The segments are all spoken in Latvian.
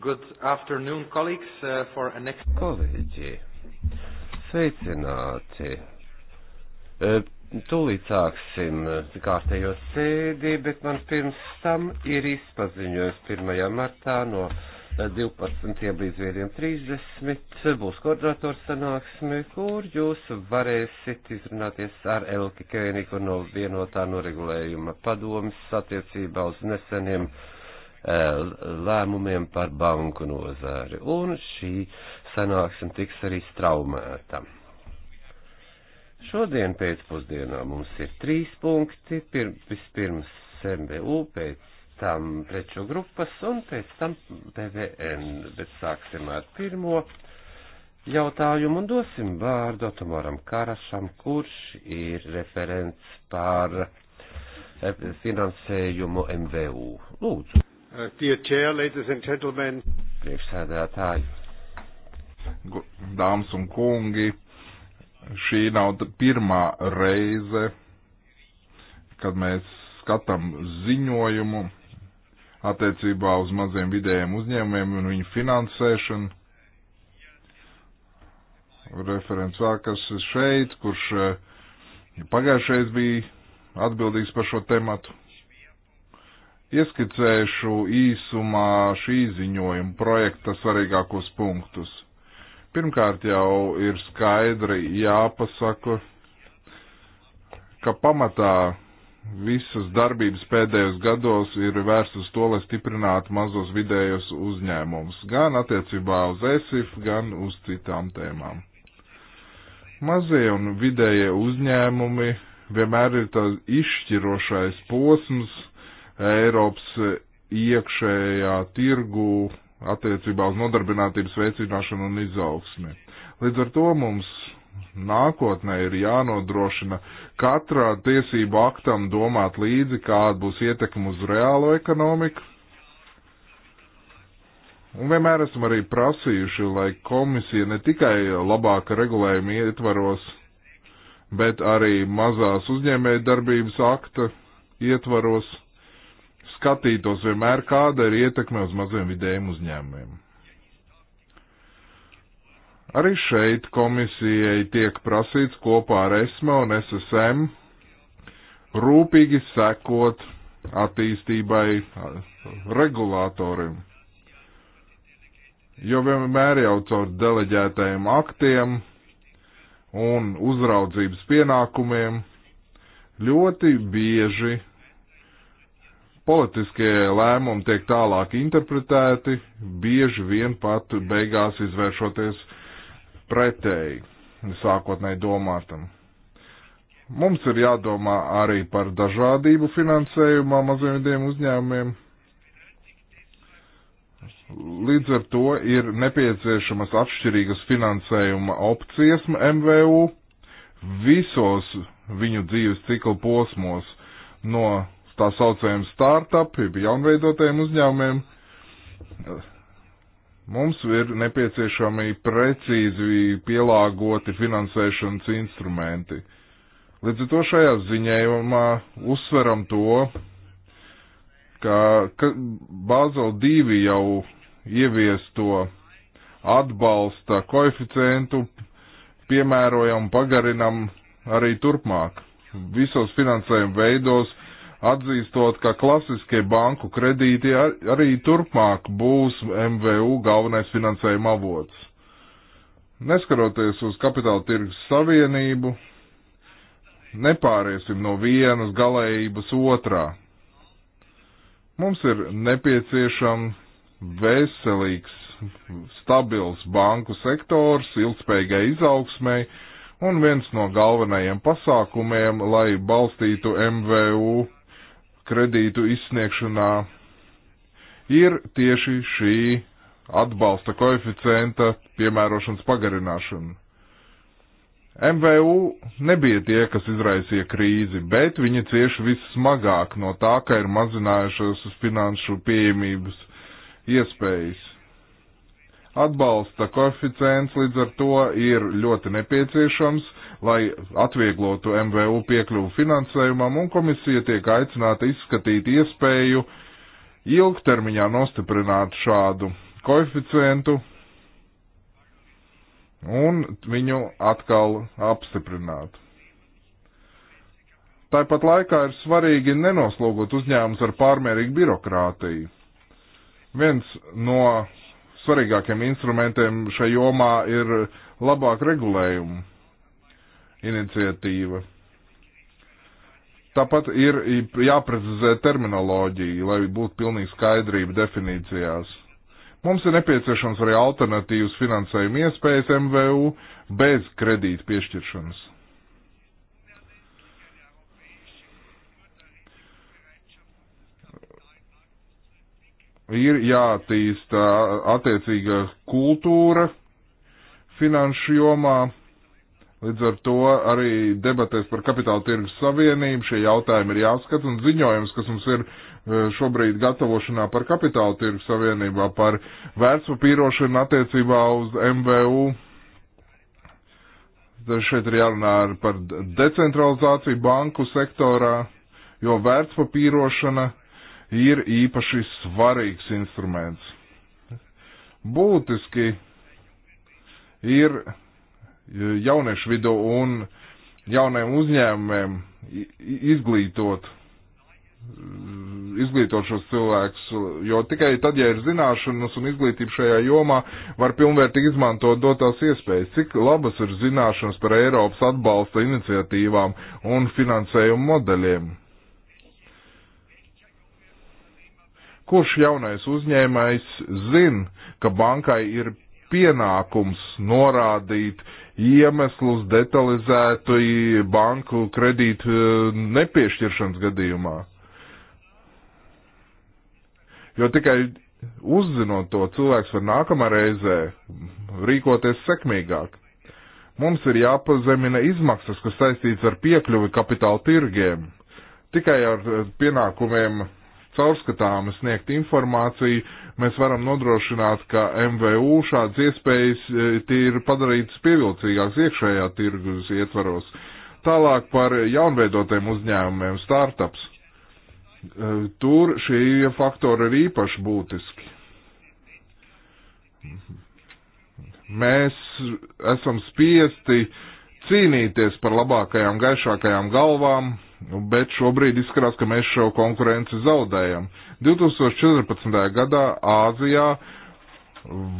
Good afternoon, colleagues, uh, for an next... Kolēģi, sveicināti. E, tūlīt sāksim kārtējo sēdi, bet man pirms tam ir izpaziņojums 1. martā no 12. līdz 1.30 būs koordinators sanāksme, kur jūs varēsiet izrunāties ar Elke Kēniku no vienotā noregulējuma padomas attiecībā uz neseniem uh, Eh, lēmumiem par banku nozari. Un šī sanāksme tiks arī straumēta. Šodien pēcpusdienā mums ir trīs punkti. Pir, vispirms MBU, pēc tam preču grupas un pēc tam PVN. Bet sāksim ar pirmo jautājumu un dosim vārdu Tomoram Karašam, kurš ir referents par eh, finansējumu MVU. Lūdzu. Uh, dear Chair, ladies and gentlemen. Priekšsēdētāji. Dāmas un kungi, šī nav pirmā reize, kad mēs skatām ziņojumu attiecībā uz maziem vidējiem uzņēmumiem un viņu finansēšanu. Referents Vākas šeit, kurš uh, pagājušais bija atbildīgs par šo tematu. Ieskicēšu īsumā šī ziņojuma projekta svarīgākos punktus. Pirmkārt jau ir skaidri jāpasaka, ka pamatā visas darbības pēdējos gados ir vērsts uz to, lai stiprinātu mazos vidējos uzņēmumus, gan attiecībā uz ESIF, gan uz citām tēmām. Mazie un vidējie uzņēmumi vienmēr ir tāds izšķirošais posms Eiropas iekšējā tirgu attiecībā uz nodarbinātības veicināšanu un izaugsmi. Līdz ar to mums nākotnē ir jānodrošina katrā tiesību aktam domāt līdzi, kāda būs ietekme uz reālo ekonomiku. Un vienmēr esam arī prasījuši, lai komisija ne tikai labāka regulējuma ietvaros, bet arī mazās uzņēmēja darbības akta ietvaros skatītos vienmēr, kāda ir ietekme uz maziem vidējiem uzņēmumiem. Arī šeit komisijai tiek prasīts kopā ar ESMA un SSM rūpīgi sekot attīstībai regulātorim. Jo vienmēr jau caur deleģētajiem aktiem un uzraudzības pienākumiem ļoti bieži politiskie lēmumi tiek tālāk interpretēti, bieži vien pat beigās izvēršoties pretēji sākotnēji domātam. Mums ir jādomā arī par dažādību finansējumā mazajiem uzņēmumiem. Līdz ar to ir nepieciešamas atšķirīgas finansējuma opcijas MVU visos viņu dzīves cikla posmos no tā saucējiem startup, jaunveidotajiem uzņēmumiem. Mums ir nepieciešami precīzi pielāgoti finansēšanas instrumenti. Līdz ar to šajā ziņējumā uzsveram to, ka, ka Bāzel 2 jau ieviesto atbalsta koeficientu piemērojam un pagarinam arī turpmāk. Visos finansējuma veidos atzīstot, ka klasiskie banku kredīti ar, arī turpmāk būs MVU galvenais finansējuma avots. Neskaroties uz kapitāla tirgus savienību, nepāriesim no vienas galējības otrā. Mums ir nepieciešams veselīgs, stabils banku sektors, ilgspējīgai izaugsmai, un viens no galvenajiem pasākumiem, lai balstītu MVU kredītu izsniegšanā ir tieši šī atbalsta koeficienta piemērošanas pagarināšana. MVU nebija tie, kas izraisīja krīzi, bet viņi cieši vissmagāk no tā, ka ir mazinājušās uz finanšu pieejamības iespējas. Atbalsta koeficients līdz ar to ir ļoti nepieciešams, lai atvieglotu MVU piekļuvu finansējumam, un komisija tiek aicināta izskatīt iespēju ilgtermiņā nostiprināt šādu koeficientu un viņu atkal apstiprināt. Tāpat laikā ir svarīgi nenoslogot uzņēmums ar pārmērīgu birokrātiju. Viens no svarīgākiem instrumentiem šajā jomā ir labāk regulējumu iniciatīva. Tāpat ir jāprecizē terminoloģija, lai būtu pilnīgi skaidrība definīcijās. Mums ir nepieciešams arī alternatīvas finansējuma iespējas MVU bez kredīta piešķiršanas. Ir jātīsta attiecīga kultūra finanšu jomā Līdz ar to arī debatēs par kapitāla tirgus savienību šie jautājumi ir jāskata un ziņojums, kas mums ir e, šobrīd gatavošanā par kapitāla tirgus savienībā, par vērtspapīrošanu attiecībā uz MVU. Tad šeit ir jārunā par decentralizāciju banku sektorā, jo vērtspapīrošana ir īpaši svarīgs instruments. Būtiski ir jauniešu vidu un jauniem uzņēmumiem izglītot, izglītot šos cilvēkus, jo tikai tad, ja ir zināšanas un izglītība šajā jomā, var pilnvērtīgi izmantot dotās iespējas. Cik labas ir zināšanas par Eiropas atbalsta iniciatīvām un finansējumu modeļiem? Kurš jaunais uzņēmējs zin, ka bankai ir pienākums norādīt uh, iemeslus detalizētu banku kredītu e, nepiešķiršanas gadījumā. Jo tikai uzzinot to, cilvēks var nākamā reizē rīkoties sekmīgāk. Mums ir jāpazemina izmaksas, kas saistīts ar piekļuvi kapitāla tirgiem. Tikai ar e, pienākumiem caurskatāmi sniegt informāciju mēs varam nodrošināt, ka MVU šādas iespējas e, ir padarītas pievilcīgākas iekšējā tirgus ietvaros. Tālāk par jaunveidotiem uzņēmumiem, startups. E, tur šie faktori ir īpaši būtiski. Mēs esam spiesti cīnīties par labākajām, gaišākajām galvām, bet šobrīd izskatās, ka mēs šo konkurenci zaudējam. 2014. gadā Āzijā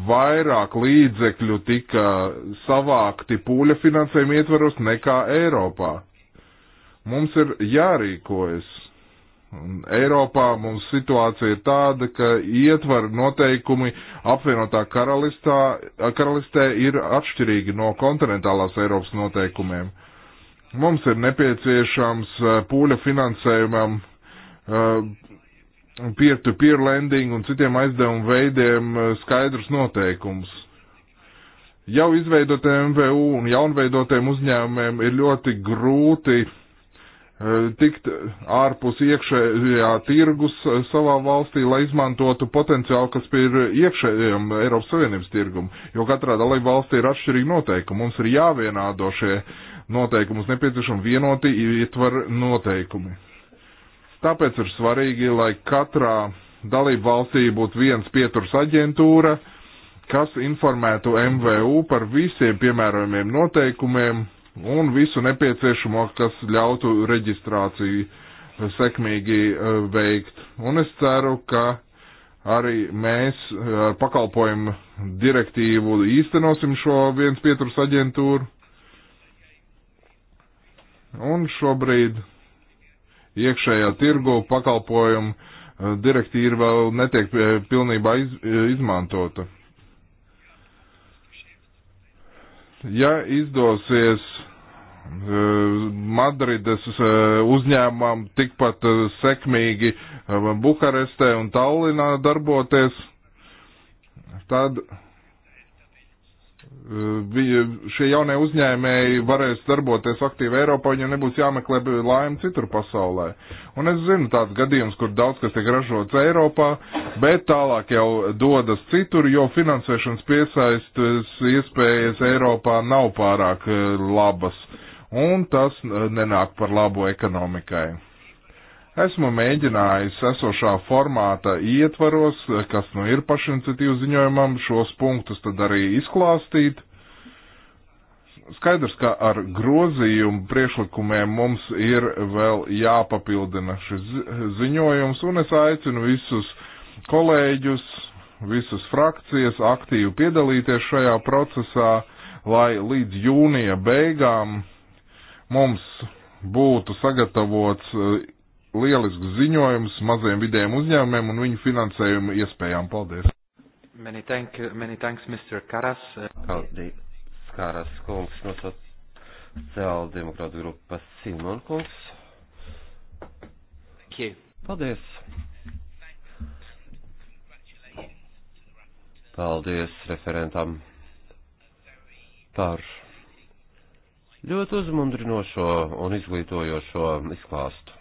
vairāk līdzekļu tika savākti pūļa finansējuma ietvaros nekā Eiropā. Mums ir jārīkojas. Un Eiropā mums situācija ir tāda, ka ietvaru noteikumi apvienotā karalistā, karalistē ir atšķirīgi no kontinentālās Eiropas noteikumiem. Mums ir nepieciešams eh, pūļa finansējumam uh, peer-to-peer -peer lending un citiem aizdevumu veidiem eh, skaidrus noteikumus. Jau izveidotiem MVU un jaunveidotiem uzņēmumiem ir ļoti grūti eh, tikt ārpus iekšējā tirgus eh, savā valstī, lai izmantotu potenciālu, kas ir iekšējiem Eiropas Savienības tirgumu, jo katrā dalība valstī ir atšķirīgi noteikumi. Mums ir jāvienādo šie noteikumi, mums nepieciešami vienoti ietver noteikumi. Tāpēc ir svarīgi, lai katrā dalību valstī būtu viens pieturs aģentūra, kas informētu MVU par visiem piemērojumiem noteikumiem un visu nepieciešamo, kas ļautu reģistrāciju sekmīgi e, veikt. Un es ceru, ka arī mēs ar pakalpojumu direktīvu īstenosim šo viens pieturs aģentūru. Un šobrīd iekšējā tirgu pakalpojumu eh, direktīva vēl netiek eh, pilnībā iz, eh, izmantota. Ja izdosies Madrides uzņēmumam tikpat sekmīgi Bukarestē un Tallinā darboties, tad Eh, bija šie jaunie uzņēmēji varēs darboties aktīvi Eiropā, viņiem nebūs jāmeklē laimi citur pasaulē. Un es zinu tāds gadījums, kur daudz kas tiek ražots Eiropā, bet tālāk jau dodas citur, jo finansēšanas piesaistas iespējas Eiropā nav pārāk eh, labas. Un tas eh, nenāk par labu ekonomikai. Esmu mēģinājis esošā formāta ietvaros, kas nu ir pašiniciatīvu ziņojumam, šos punktus tad arī izklāstīt. Skaidrs, ka ar grozījumu priekšlikumiem mums ir vēl jāpapildina šis ziņojums, un es aicinu visus kolēģus, visas frakcijas aktīvi piedalīties šajā procesā, lai līdz jūnija beigām mums būtu sagatavots lielisks ziņojums maziem vidējiem uzņēmumiem un viņu finansējumu iespējām. Paldies! Many, thank, many thanks, Mr. Karas. Paldies, Karas kungs no sociāldemokrāta grupas Simon kungs. Paldies! Paldies referentam par ļoti uzmundrinošo un izglītojošo izklāstu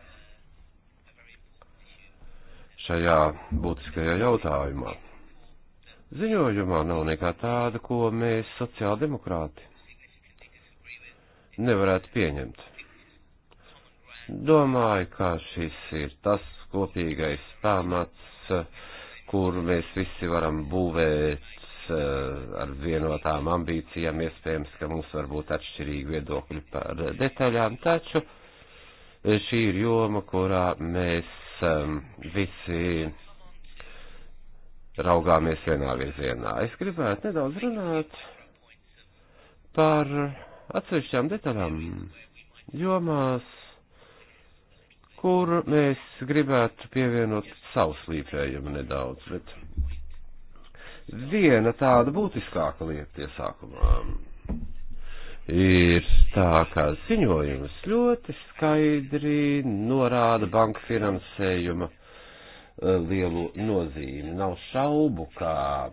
šajā būtiskajā jautājumā. Ziņojumā nav nekā tāda, ko mēs sociāldemokrāti nevarētu pieņemt. Domāju, ka šis ir tas kopīgais pamats, kur mēs visi varam būvēt eh, ar vienotām ambīcijām, iespējams, ka mums var būt atšķirīgi viedokļi par detaļām, taču šī ir joma, kurā mēs Um, visi raugāmies vienā virzienā. Es gribētu nedaudz runāt par atsevišķām detaļām jomās, kur mēs gribētu pievienot savu slīpējumu nedaudz, bet viena tāda būtiskāka lieta iesākumā. Ja ir tā, ka ziņojums ļoti skaidri norāda banka finansējuma eh, lielu nozīmi. Nav šaubu, kā,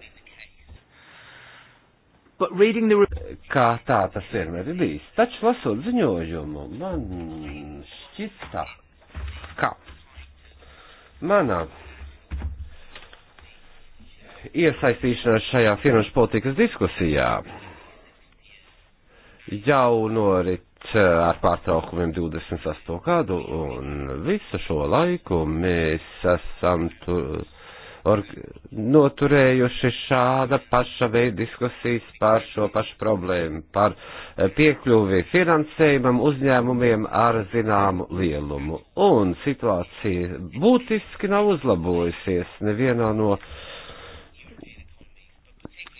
the... kā tā tas vienmēr ir bijis. Taču lasot ziņojumu, man šķita, ka manā iesaistīšanās šajā finanšu politikas diskusijā jau norit eh, ar pārtraukumiem 28 gadu, un visu šo laiku mēs esam tur or, noturējuši šāda paša veida diskusijas par šo pašu problēmu, par eh, piekļuvi finansējumam uzņēmumiem ar zināmu lielumu. Un situācija būtiski nav uzlabojusies nevienā no uh,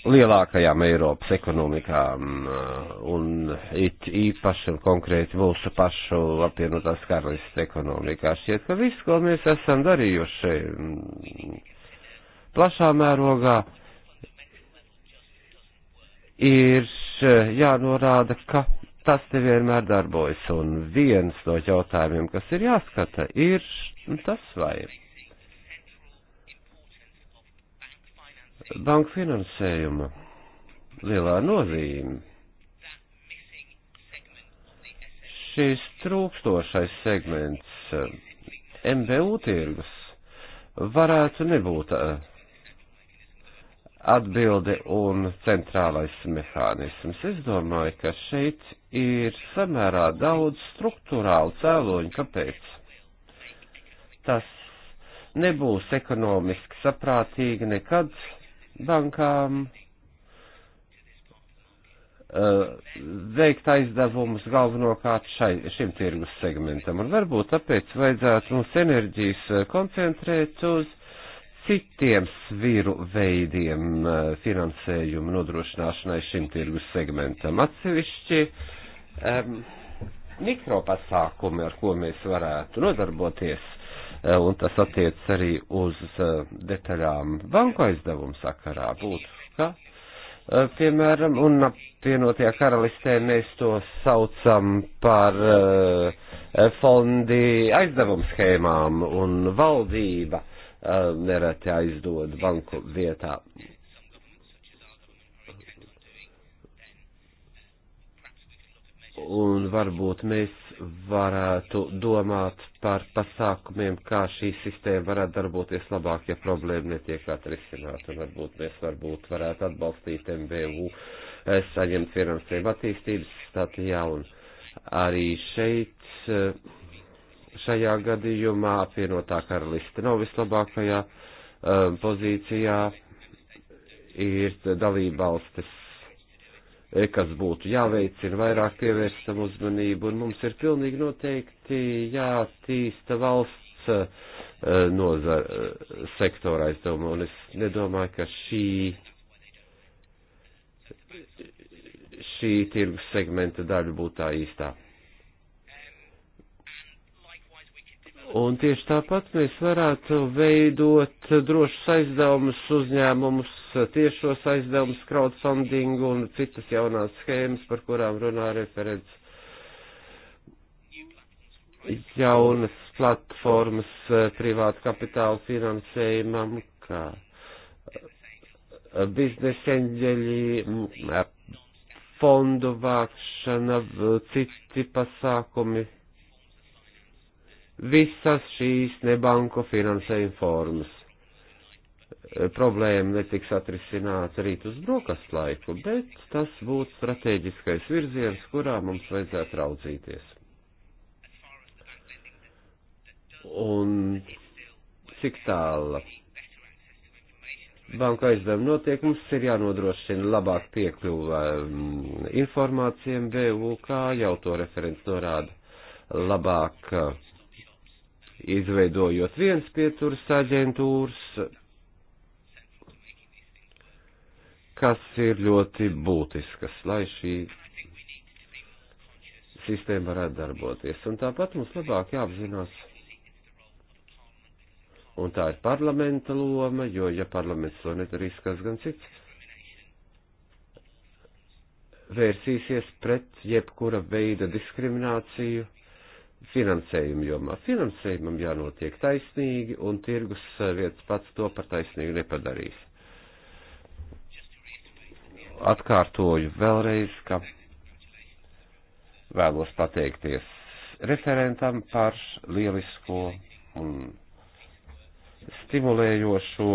lielākajām Eiropas ekonomikām uh, un it īpaši un konkrēti mūsu pašu apvienotās karalistas ekonomikā. Šķiet, ka viss, ko mēs esam darījuši mm, plašā mērogā, ir uh, jānorāda, ka tas nevienmēr darbojas. Un viens no jautājumiem, kas ir jāskata, ir tas vai ir banku finansējuma lielā nozīme. Šis trūkstošais segments eh, MBU tirgus varētu nebūt eh, atbildi un centrālais mehānisms. Es domāju, ka šeit ir samērā daudz struktūrālu cēloņu, kāpēc tas nebūs ekonomiski saprātīgi nekad bankām veikt aizdevumus galvenokārt šai, šim tirgus segmentam. Un varbūt tāpēc vajadzētu mums enerģijas koncentrēt uz citiem sviru veidiem finansējumu nodrošināšanai šim tirgus segmentam. Atsevišķi um, mikropasākumi, ar ko mēs varētu nodarboties Eh, un tas attiec arī uz eh, detaļām banku aizdevumu sakarā, būtu, ka, eh, piemēram, un apvienotajā karalistē mēs to saucam par fondi aizdevumu schēmām, un valdība nereti aizdod banku vietā. Un varbūt mēs varētu domāt par pasākumiem, kā šī sistēma varētu darboties labāk, ja problēma netiek atrisināta. Varbūt mēs varbūt varētu atbalstīt MBU, eh, saņemt finansējumu attīstības statijā un arī šeit, eh, šajā gadījumā apvienotā karaliste nav vislabākajā eh, pozīcijā, ir dalībvalstis E, kas būtu jāveicina, vairāk pievērstam uzmanību, un mums ir pilnīgi noteikti jātīsta valsts e, nozar e, sektorā, es domāju, un es nedomāju, ka šī, šī tirgus segmenta daļa būtu tā īstā. Un tieši tāpat mēs varētu veidot drošus aizdevumus uzņēmumus Eh, tiešos aizdevumus, crowdfunding un citas jaunās schēmas, par kurām runā referents. Jaunas platformas eh, privāta kapitāla finansējumam, kā eh, biznesa eņģeļi, fondu vākšana, citi pasākumi. Visas šīs nebanku finansējuma formas Eh, problēma netiks atrisināta rīt uz brokastu laiku, bet tas būtu strateģiskais virziens, kurā mums vajadzētu raudzīties. Un cik tāla banka aizdevuma notiek, mums ir jānodrošina labāk piekļuva um, mm, informācijām BUK, jau to referents norāda labāk eh, izveidojot viens pieturas aģentūras, kas ir ļoti būtiskas, lai šī sistēma varētu darboties. Un tāpat mums labāk jāapzinās. Un tā ir parlamenta loma, jo ja parlaments to nedarīs, kas gan cits vērsīsies pret jebkura veida diskrimināciju finansējuma jomā. Finansējumam jānotiek taisnīgi, un tirgus eh, viens pats to par taisnīgu nepadarīs atkārtoju vēlreiz, ka vēlos pateikties referentam par lielisko un stimulējošo,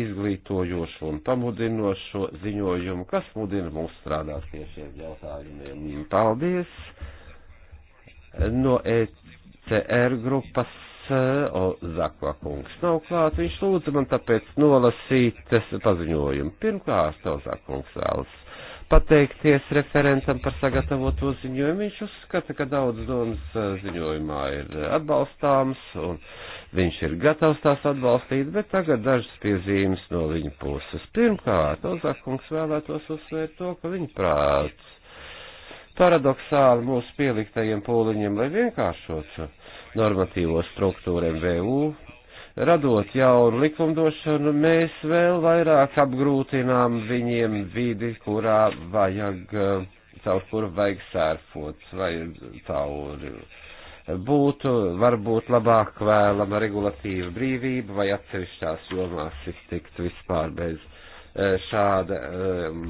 izglītojošo un pamudinošo ziņojumu, kas mudina mūs strādāt pie šiem jautājumiem. Paldies! No ECR grupas Ozakva kungs nav klāt, viņš lūdza man tāpēc nolasīt paziņojumu. Pirmkārt, Ozakva kungs vēlas pateikties referentam par sagatavoto ziņojumu. Viņš uzskata, ka daudz domas ziņojumā ir atbalstāms un viņš ir gatavs tās atbalstīt, bet tagad dažas piezīmes no viņa puses. Pirmkārt, Ozakungs vēlētos uzsvērt to, ka viņa prāts paradoxāli mūsu pieliktajiem pūliņiem, lai vienkāršotu normatīvo struktūru MVU. Radot jaunu likumdošanu, mēs vēl vairāk apgrūtinām viņiem vidi, kurā vajag, eh, caur kuru vajag sērfot, vai cauri. Būtu varbūt labāk vēlama regulatīva brīvība, vai atsevišķās jomās iztikt vispār bez eh, šāda um,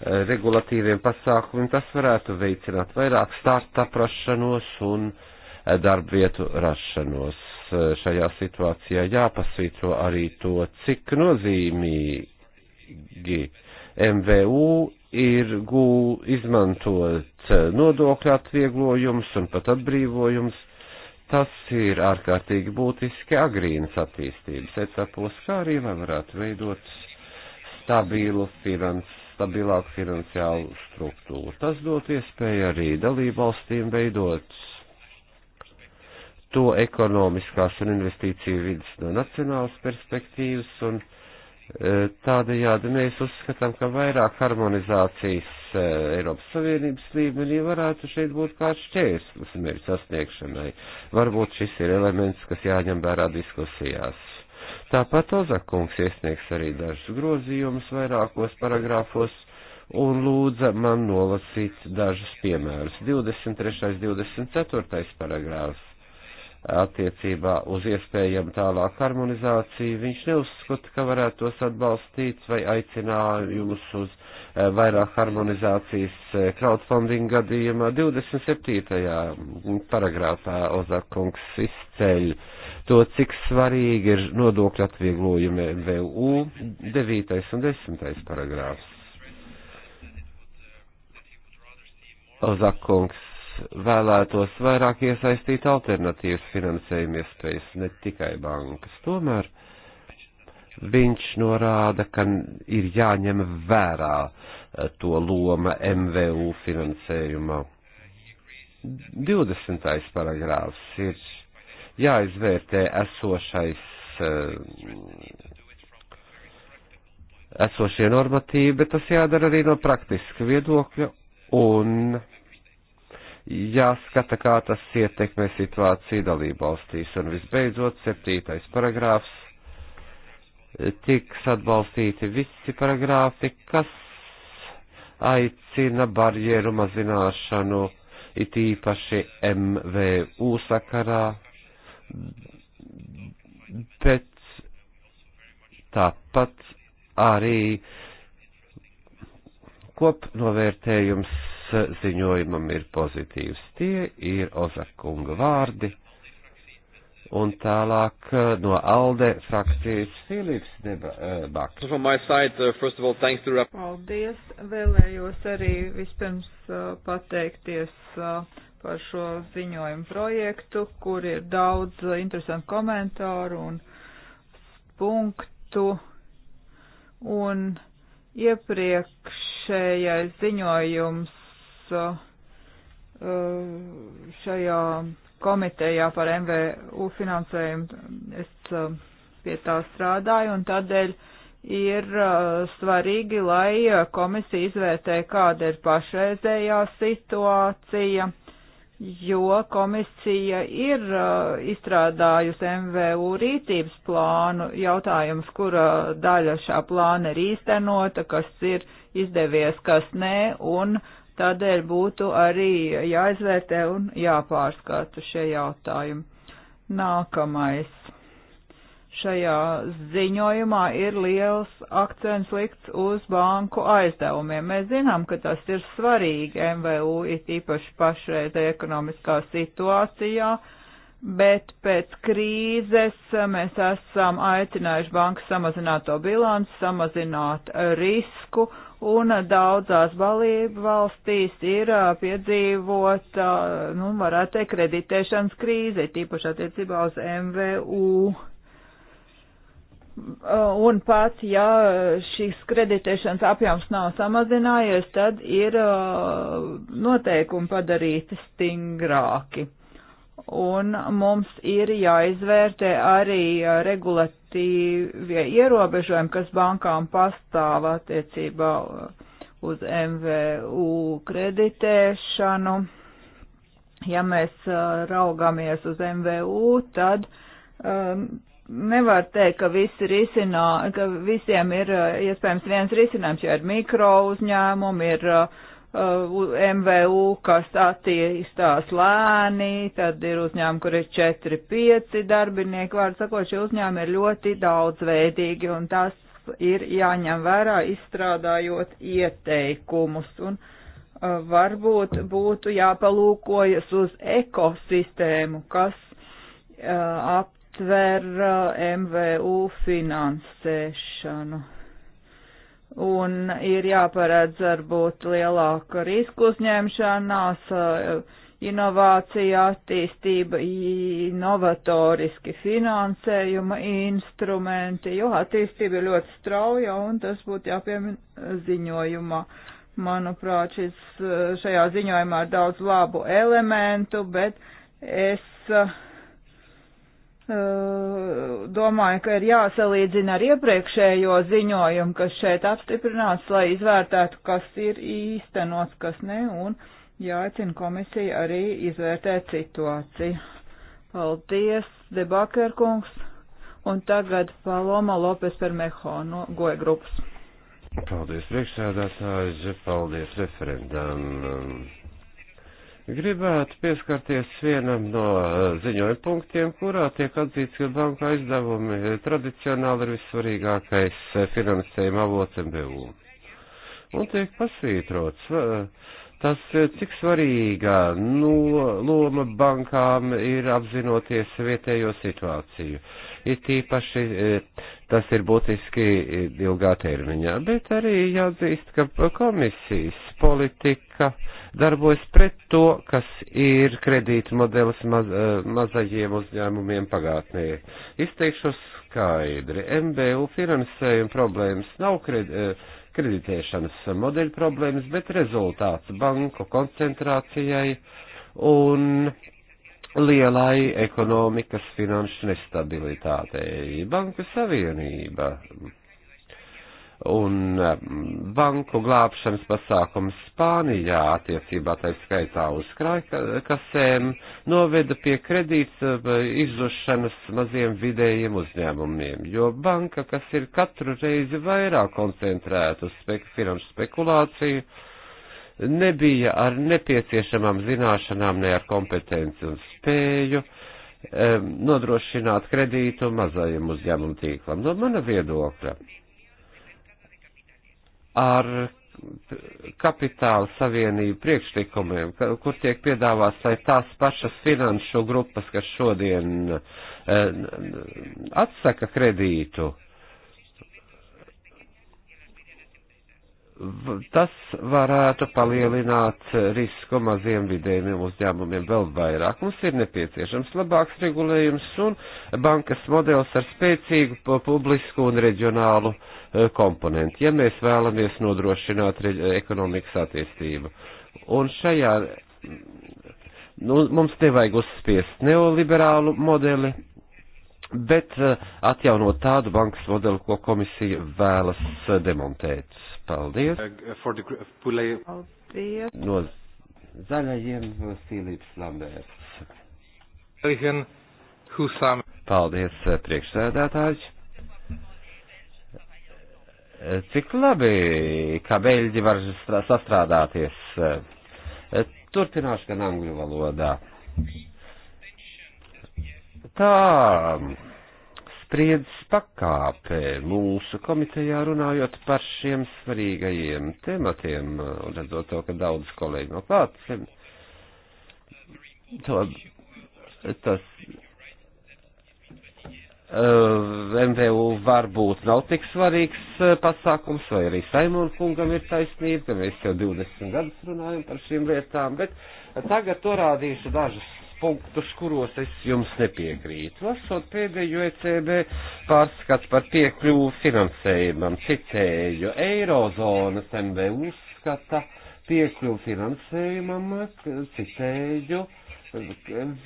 regulatīviem pasākumiem, tas varētu veicināt vairāk startaprašanos un uh, darbvietu rašanos. Šajā situācijā jāpasvītro arī to, cik nozīmīgi MVU ir gū, izmantot nodokļu atvieglojums un pat atbrīvojums. Tas ir ārkārtīgi būtiski agrīnas attīstības etapos, kā arī, lai varētu veidot stabilu finansu stabilāku finansiālu struktūru. Tas dot iespēju arī dalībvalstīm veidot to ekonomiskās un investīciju vidas no nacionālas perspektīvas, un e, tādējādi mēs uzskatām, ka vairāk harmonizācijas e, Eiropas Savienības līmenī varētu šeit būt kā šķērslis mērķu sasniegšanai. Varbūt šis ir elements, kas jāņem vērā diskusijās. Tāpat Ozakungs iesniegs arī dažus grozījumus vairākos paragrāfos un lūdza man nolasīt dažus piemērus. 23. 24. paragrāfs attiecībā uz iespējamu tālāku harmonizāciju. Viņš neuzskata, ka varētu tos atbalstīt vai aicinājumus uz eh, vairāk harmonizācijas eh, crowdfunding gadījumā. 27. paragrāfā Ozakungs izceļ to, cik svarīgi ir nodokļu atvieglojumi VU 9. un 10. paragrāfs. Ozakungs vēlētos vairāk iesaistīt alternatīvas finansējuma iespējas, ne tikai bankas. Tomēr viņš norāda, ka ir jāņem vērā eh, to loma MVU finansējumā. 20. paragrāfs ir jāizvērtē esošais, eh, esošie normatīvi, bet tas jādara arī no praktiska viedokļa un jāskata, kā tas ietekmē situāciju dalībvalstīs. Un visbeidzot, septītais paragrāfs. Tiks atbalstīti visi paragrāfi, kas aicina barjeru mazināšanu, it īpaši MVU sakarā, bet tāpat arī kopnovērtējums ziņojumam ir pozitīvs. Tie ir Ozakunga vārdi. Un tālāk eh, no ALDE frakcijas Filips Debaks. Eh, uh, Paldies, vēlējos arī vispirms eh, pateikties par šo ziņojumu projektu, kur ir daudz interesantu komentāru un punktu. Un iepriekšējais ziņojums Uh, uh, šajā komitejā par MVU finansējumu. Es uh, pie tā strādāju un tādēļ ir svarīgi, lai komisija izvērtē, kāda ir pašreizējā situācija jo komisija ir uh, izstrādājusi MVU rītības plānu jautājums, kura daļa šā plāna ir īstenota, kas ir izdevies, kas nē, un Tādēļ būtu arī jāizvērtē un jāpārskata šie jautājumi. Nākamais. Šajā ziņojumā ir liels akcents likts uz banku aizdevumiem. Mēs zinām, ka tas ir svarīgi MVU, it īpaši pašreizē ekonomiskā situācijā. Uh, bet pēc krīzes mēs esam aicinājuši bankas samazināt to bilanci, samazināt risku, un daudzās balību valstīs ir piedzīvot, nu, varētu teikt, kreditēšanas krīze, tīpaši attiecībā uz MVU. Un pat, ja šīs kreditēšanas apjoms nav samazinājies, tad ir noteikumi padarīti stingrāki un mums ir jāizvērtē arī uh, regulatīvie ierobežojumi, kas bankām pastāv attiecībā uh, uz MVU kreditēšanu. Ja mēs uh, raugamies uz MVU, tad um, nevar teikt, ka, visi risinā, ka visiem ir iespējams viens risinājums, jo ir mikro uzņēmumi, ir uh, MVU, uh, kas attīstās lēni, tad ir uzņēmumi, kur ir 4-5 darbinieki. Vārds sakot, šie uzņēmumi ir ļoti daudzveidīgi un tas ir jāņem vērā izstrādājot ieteikumus. Un uh, varbūt būtu jāpalūkojas uz ekosistēmu, kas uh, aptver MVU finansēšanu un ir jāparedz varbūt lielāka risku uzņemšanās, eh, inovācija attīstība, inovatoriski finansējuma instrumenti, jo attīstība ir ļoti strauja un tas būtu jāpiemin ziņojumā. Manuprāt, šis, eh, šajā ziņojumā ir daudz labu elementu, bet es uh, Eh, domāju, ka ir jāsalīdzina ar iepriekšējo ziņojumu, kas šeit apstiprināts, lai izvērtētu, kas ir īstenots, kas ne, un jāicina komisija arī izvērtēt situāciju. Paldies, debakerkungs, un tagad Paloma Lopes par Mehonu goja grupas. Paldies, priekšsēdētājs, paldies referendam Gribētu pieskarties vienam no eh, ziņojuma punktiem, kurā tiek atzīts, ka banka aizdevumi eh, tradicionāli ir vissvarīgākais eh, finansējuma avots MBU. Un tiek pasvītrots tas, cik svarīga no, loma bankām ir apzinoties vietējo situāciju. Ir tīpaši tas ir būtiski ilgā termiņā, bet arī jāatzīst, ka komisijas politika darbojas pret to, kas ir kredīta modelis maz, eh, mazajiem uzņēmumiem pagātnē. Izteikšos skaidri. MBU finansējuma problēmas nav kred, eh, kreditēšanas modeļa problēmas, bet rezultāts banku koncentrācijai un lielai ekonomikas finanšu nestabilitātei. Banka savienība un um, banku glābšanas pasākums Spānijā attiecībā tā skaitā uz krājkasēm noveda pie kredīts uh, izzušanas maziem vidējiem uzņēmumiem, jo banka, kas ir katru reizi vairāk koncentrēta uz spek finanšu spekulāciju, nebija ar nepieciešamām zināšanām, ne ar kompetenci un spēju um, nodrošināt kredītu mazajam uzņēmumu tīklam. No mana viedokļa ar kapitāla savienību priekšlikumiem, kur tiek piedāvāts, lai tās pašas finanšu grupas, kas šodien eh, atsaka kredītu, tas varētu palielināt risku maziem vidējiem uzņēmumiem vēl vairāk. Mums ir nepieciešams labāks regulējums un bankas modelis ar spēcīgu publisku un reģionālu eh, komponentu, ja mēs vēlamies nodrošināt ekonomikas attīstību. Un šajā nu, mums nevajag uzspiest neoliberālu modeli, bet eh, atjaunot tādu bankas modeli, ko komisija vēlas eh, demontēt. Paldies. Uh, uh, Paldies. No zaļajiem eh, Filips Lamberts. Paldies, priekšsēdētāji cik labi, ka beļģi var sastrādāties. Turpināšu gan angļu valodā tā spriedzes pakāpē mūsu komitejā runājot par šiem svarīgajiem tematiem, un redzot to, ka daudz kolēģi nav klāts, to, tas uh, eh, MVU varbūt nav tik svarīgs uh, pasākums, vai arī Saimona kungam ir taisnība, ka mēs jau 20 gadus runājam par šīm lietām, bet tagad to rādīšu dažus punktus, kuros es jums nepiekrītu. Lasot pēdējo ECB pārskats par piekļuvu finansējumam, citēju, Eirozonas MVU uzskata piekļuvu finansējumam, citēju,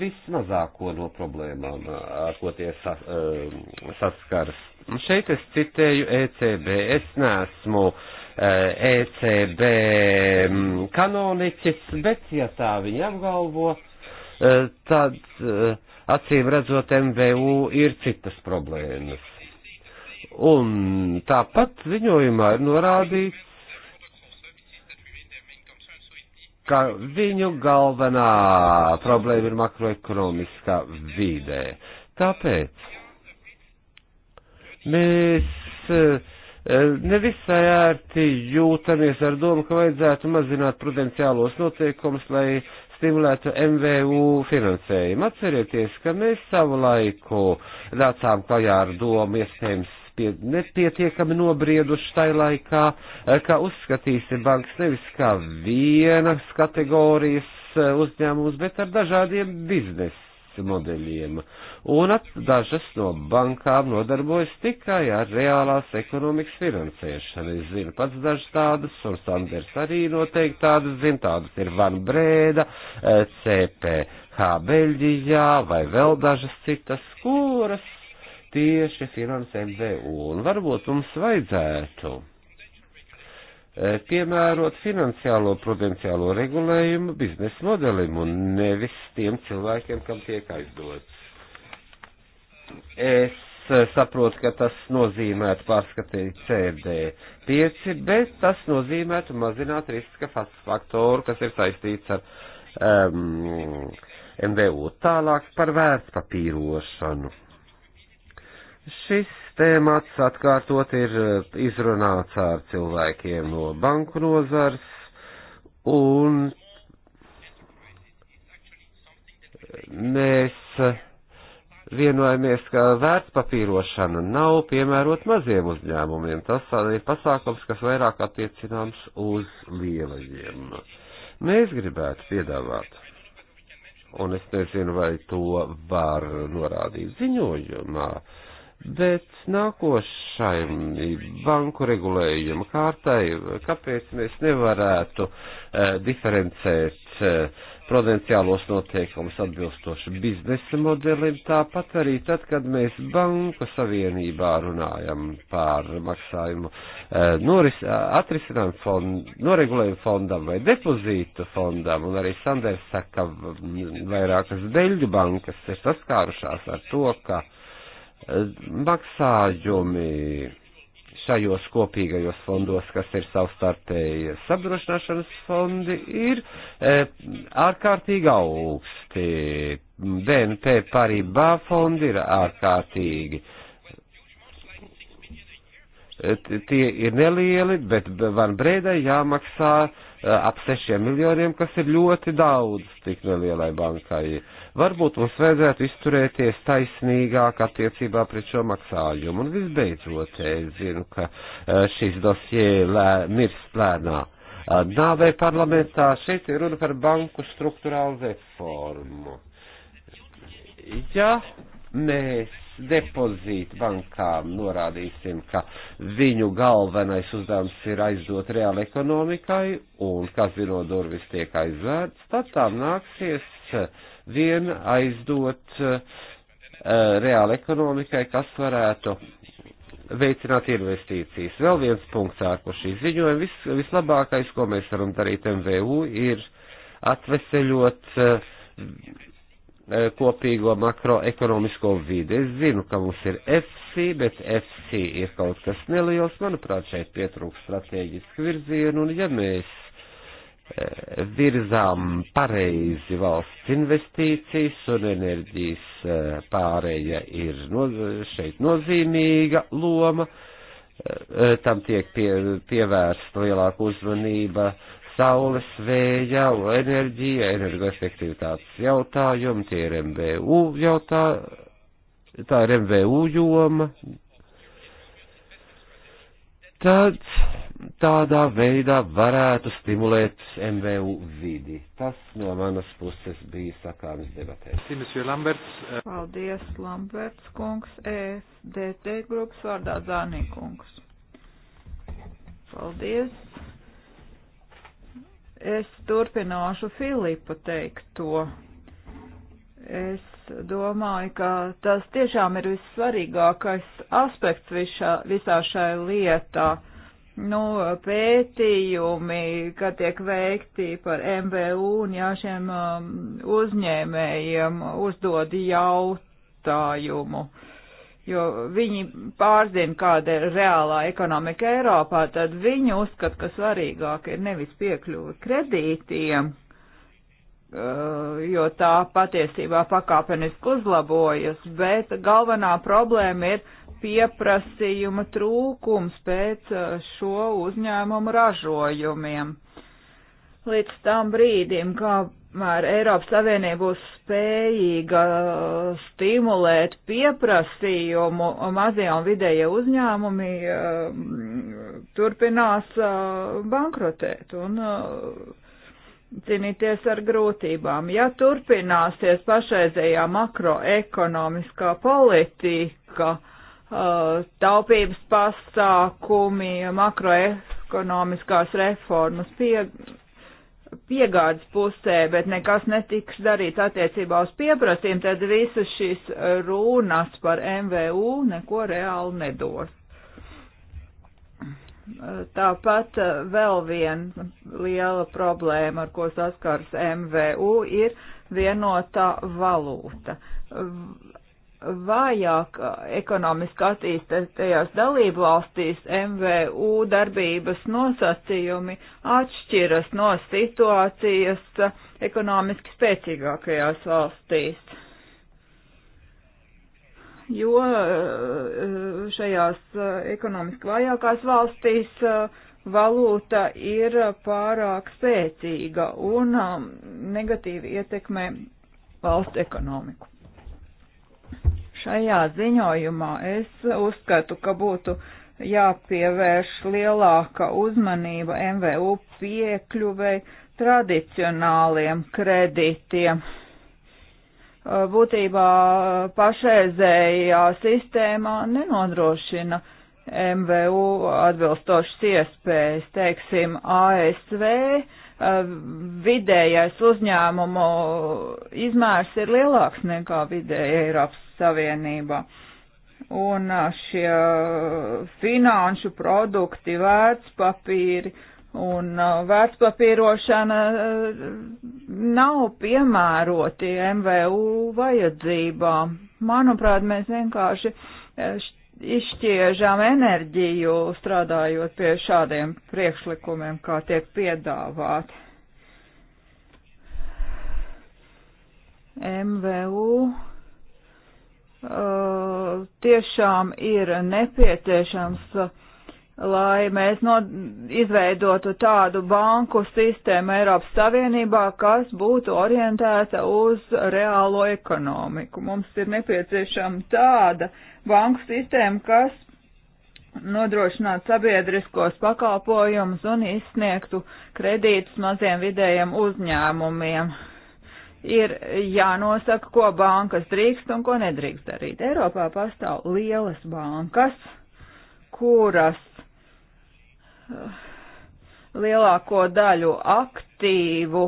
vismazāko no problēmām, ar ko tie sa, um, saskaras. Šeit es citēju ECB. Es neesmu uh, eh, ECB mm, kanoniķis, bet ja tā viņi apgalvo, Eh, tad eh, acīm redzot MVU ir citas problēmas. Un tāpat ziņojumā ir norādīts, ka viņu galvenā problēma ir makroekonomiskā vidē. Tāpēc mēs eh, nevisai ērti jūtamies ar domu, ka vajadzētu mazināt prudenciālos noteikumus, lai stimulētu MVU finansējumu. Atcerieties, ka mēs savu laiku nācām klajā ar domu iespējams pie, nepietiekami nobrieduši tai laikā, eh, ka uzskatīsim bankas nevis kā vienas kategorijas eh, uzņēmumus, bet ar dažādiem biznesa modeļiem, un dažas no bankām nodarbojas tikai ar reālās ekonomikas finansēšanu. Es zinu pats dažas tādas, un Sanders arī noteikti tādas zina, tādas ir Van Brēda, CPH eh, Beļģijā vai vēl dažas citas, kuras tieši finansē MVU, un varbūt mums vajadzētu E, piemērot finansiālo prudenciālo regulējumu biznesa modelim un nevis tiem cilvēkiem, kam tiek aizdots. Es e, saprotu, ka tas nozīmētu pārskatīt CD5, bet tas nozīmētu mazināt riska faktoru, kas ir saistīts ar um, MVU tālāk par vērtspapīrošanu. Šis tēmats atkārtot ir eh, izrunāts ar cilvēkiem no banku nozars, un mēs vienojamies, ka vērtspapīrošana nav piemērot maziem uzņēmumiem. Tas ir pasākums, kas vairāk attiecināms uz lielajiem. Mēs gribētu piedāvāt un es nezinu, vai to var norādīt ziņojumā, Bet nākošai banku regulējuma kārtai, kāpēc mēs nevarētu eh, diferencēt eh, prudenciālos noteikumus atbilstoši biznesa modelim, tāpat arī tad, kad mēs banku savienībā runājam par maksājumu eh, noris, atrisinājumu fondu, noregulējumu fondam vai depozītu fondam, un arī Sanders saka, ka vairākas beļģu bankas ir saskārušās ar to, ka maksājumi šajos kopīgajos fondos, kas ir savstarpēji apdrošināšanas fondi, ir e, ārkārtīgi augsti. BNP Paribā fondi ir ārkārtīgi. E, t tie ir nelieli, bet Van Brēdai jāmaksā e, ap sešiem miljoniem, kas ir ļoti daudz tik nelielai bankai. E, Varbūt mums vajadzētu izturēties taisnīgāk attiecībā pret šo maksājumu. Un visbeidzot, es zinu, ka eh, šīs dosie lē, mirst lēnā. Eh, Nāvē parlamentā šeit ir runa par banku struktūrālu reformu. Ja mēs depozītu bankām norādīsim, ka viņu galvenais uzdevums ir aizdot reāli ekonomikai, un kazino durvis tiek aizvērts, tad tām nāksies uh, vien aizdot uh, reāli ekonomikai, kas varētu veicināt investīcijas. Vēl viens punkts ārpus šī ziņojuma. Vis, vislabākais, ko mēs varam darīt MVU, ir atveseļot uh, kopīgo makroekonomisko vidi. Es zinu, ka mums ir FC, bet FC ir kaut kas neliels. Manuprāt, šeit pietrūkst strateģiski virzienu, un ja mēs virzām pareizi valsts investīcijas un enerģijas eh, pārēja ir no, šeit nozīmīga loma. Eh, eh, tam tiek pie, pievērsta lielāka uzmanība saules vēja, enerģija, energoefektivitātes jautājumi, tie ir MVU jautā, tā ir MVU joma. Tad tādā veidā varētu stimulēt MVU vidi. Tas no manas puses bija sakāms debatēs. Euh, Paldies, Lamberts kungs, ESDT grupas vārdā Zānī kungs. Paldies. Es turpināšu Filipa teikto. Es domāju, ka tas tiešām ir vissvarīgākais aspekts visā, visā šai lietā nu, pētījumi, kad tiek veikti par MVU un jā, šiem um, uzņēmējiem uzdod jautājumu. Jo viņi pārzina, kāda ir reālā ekonomika Eiropā, tad viņi uzskata, ka svarīgāk ir nevis piekļuvi kredītiem, Eh, jo tā patiesībā pakāpeniski uzlabojas, bet galvenā problēma ir pieprasījuma trūkums pēc eh, šo uzņēmumu ražojumiem. Līdz tam brīdim, kamēr Eiropas Savienība būs spējīga eh, stimulēt pieprasījumu, mazie un vidējie uzņēmumi turpinās bankrotēt. Un, cīnīties ar grūtībām. Ja turpināsies pašreizējā makroekonomiskā politika, uh, taupības pasākumi, makroekonomiskās reformas pie, piegādes pusē, bet nekas netiks darīts attiecībā uz pieprasījumu, tad visas šīs runas par MVU neko reāli nedos. Tāpat eh, vēl viena liela problēma, ar ko saskars MVU, ir vienotā valūta. Vājāk ekonomiski attīstītajās dalību valstīs MVU darbības nosacījumi atšķiras no situācijas ekonomiski spēcīgākajās valstīs jo eh, šajās eh, ekonomiski vājākās valstīs eh, valūta ir pārāk spēcīga un negatīvi ietekmē valsts ekonomiku. Šajā ziņojumā es uzskatu, ka būtu jāpievērš lielāka uzmanība MVU piekļuvei tradicionāliem kredītiem Uh, būtībā pašreizējā sistēmā nenodrošina MVU atbilstošas iespējas, teiksim, ASV uh, vidējais uzņēmumu izmērs ir lielāks nekā vidēja Eiropas Savienībā. Un uh, šie finanšu produkti, vērtspapīri, uh, un uh, vērtspapīrošana uh, nav piemēroti MVU vajadzībām. Manuprāt, mēs vienkārši uh, izšķiežām enerģiju strādājot pie šādiem priekšlikumiem, kā tiek piedāvāti. MVU uh, tiešām ir nepieciešams uh, lai mēs no, izveidotu tādu banku sistēmu Eiropas Savienībā, kas būtu orientēta uz reālo ekonomiku. Mums ir nepieciešama tāda banku sistēma, kas nodrošinātu sabiedriskos pakalpojumus un izsniegtu kredītus maziem vidējiem uzņēmumiem. Ir jānosaka, ko bankas drīkst un ko nedrīkst darīt. Eiropā pastāv lielas bankas, kuras lielāko daļu aktīvu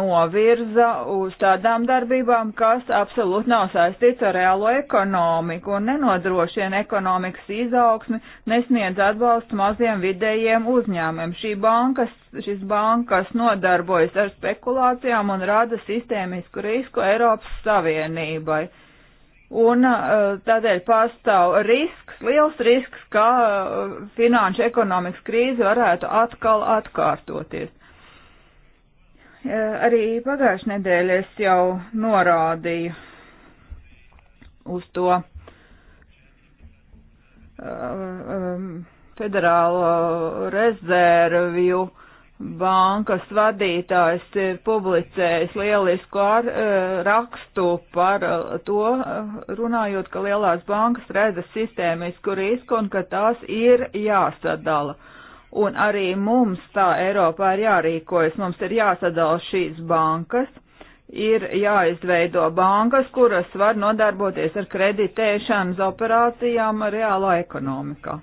novirza uz tādām darbībām, kas absolūti nav saistīts ar reālo ekonomiku un nenodrošina ekonomikas izaugsmi, nesniedz atbalstu maziem vidējiem uzņēmumiem. Šī bankas, šis bankas nodarbojas ar spekulācijām un rada sistēmisku risku Eiropas Savienībai. Uh, Un uh, tādēļ pastāv risks, liels risks, ka uh, finanšu ekonomikas krīze varētu atkal atkārtoties. Uh, arī pagājušajā nedēļā es jau norādīju uz to um, federālo rezervju bankas vadītājs ir publicējis lielisku ar, e, rakstu par e, to, e, runājot, ka lielās bankas redz sistēmisku risku un ka tās ir jāsadala. Un arī mums tā Eiropā ir jārīkojas, mums ir jāsadala šīs bankas, ir jāizveido bankas, kuras var nodarboties ar kreditēšanas operācijām reālā ekonomikā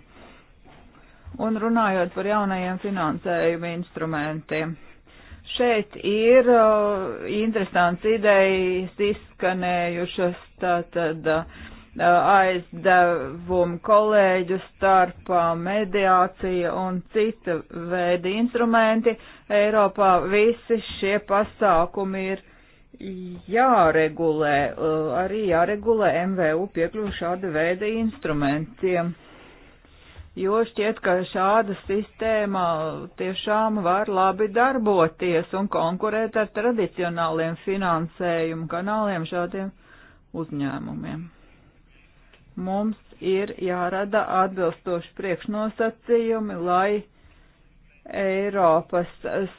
Un runājot par jaunajiem finansējuma instrumentiem. Šeit ir uh, interesants idejas izskanējušas tātad uh, aizdevumu kolēģu starpā mediācija un cita veida instrumenti. Eiropā visi šie pasākumi ir jāregulē, uh, arī jāregulē MVU piekļuvu šāda veida instrumentiem. Uh, jo šķiet, ka šāda sistēma tiešām var labi darboties un konkurēt ar tradicionāliem finansējumu kanāliem šādiem uzņēmumiem. Mums ir jārada atbilstoši priekšnosacījumi, lai Eiropas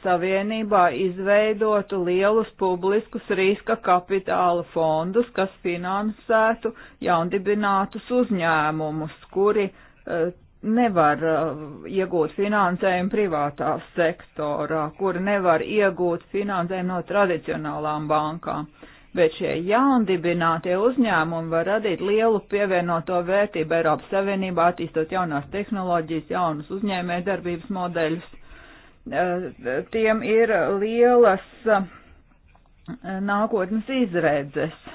Savienībā izveidotu lielus publiskus riska kapitāla fondus, kas finansētu jaundibinātus uzņēmumus, kuri eh, nevar uh, iegūt finansējumu privātā sektorā, kur nevar iegūt finansējumu no tradicionālām bankām. Bet šie jaundibinātie uzņēmumi var radīt lielu pievienoto vērtību Eiropas Savienībā, attīstot jaunās tehnoloģijas, jaunus uzņēmē darbības modeļus. Uh, tiem ir lielas uh, nākotnes izredzes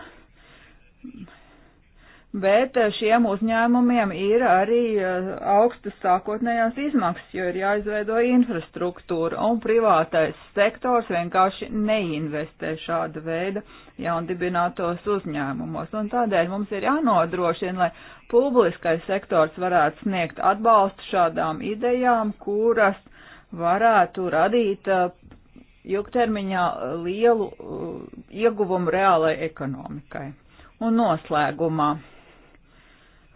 bet eh, šiem uzņēmumiem ir arī eh, augstas sākotnējās izmaksas, jo ir jāizveido infrastruktūra, un privātais sektors vienkārši neinvestē šāda veida jaundibinātos uzņēmumos. Un tādēļ mums ir jānodrošina, lai publiskais sektors varētu sniegt atbalstu šādām idejām, kuras varētu radīt eh, ilgtermiņā lielu ieguvumu reālai ekonomikai. Un noslēgumā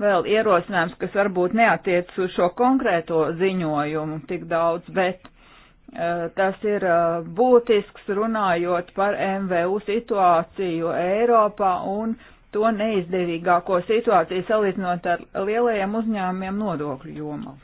vēl ierosinājums, kas varbūt neatiec uz šo konkrēto ziņojumu tik daudz, bet uh, tas ir uh, būtisks runājot par MVU situāciju Eiropā un to neizdevīgāko situāciju salīdzinot ar lielajiem uzņēmumiem nodokļu jomā.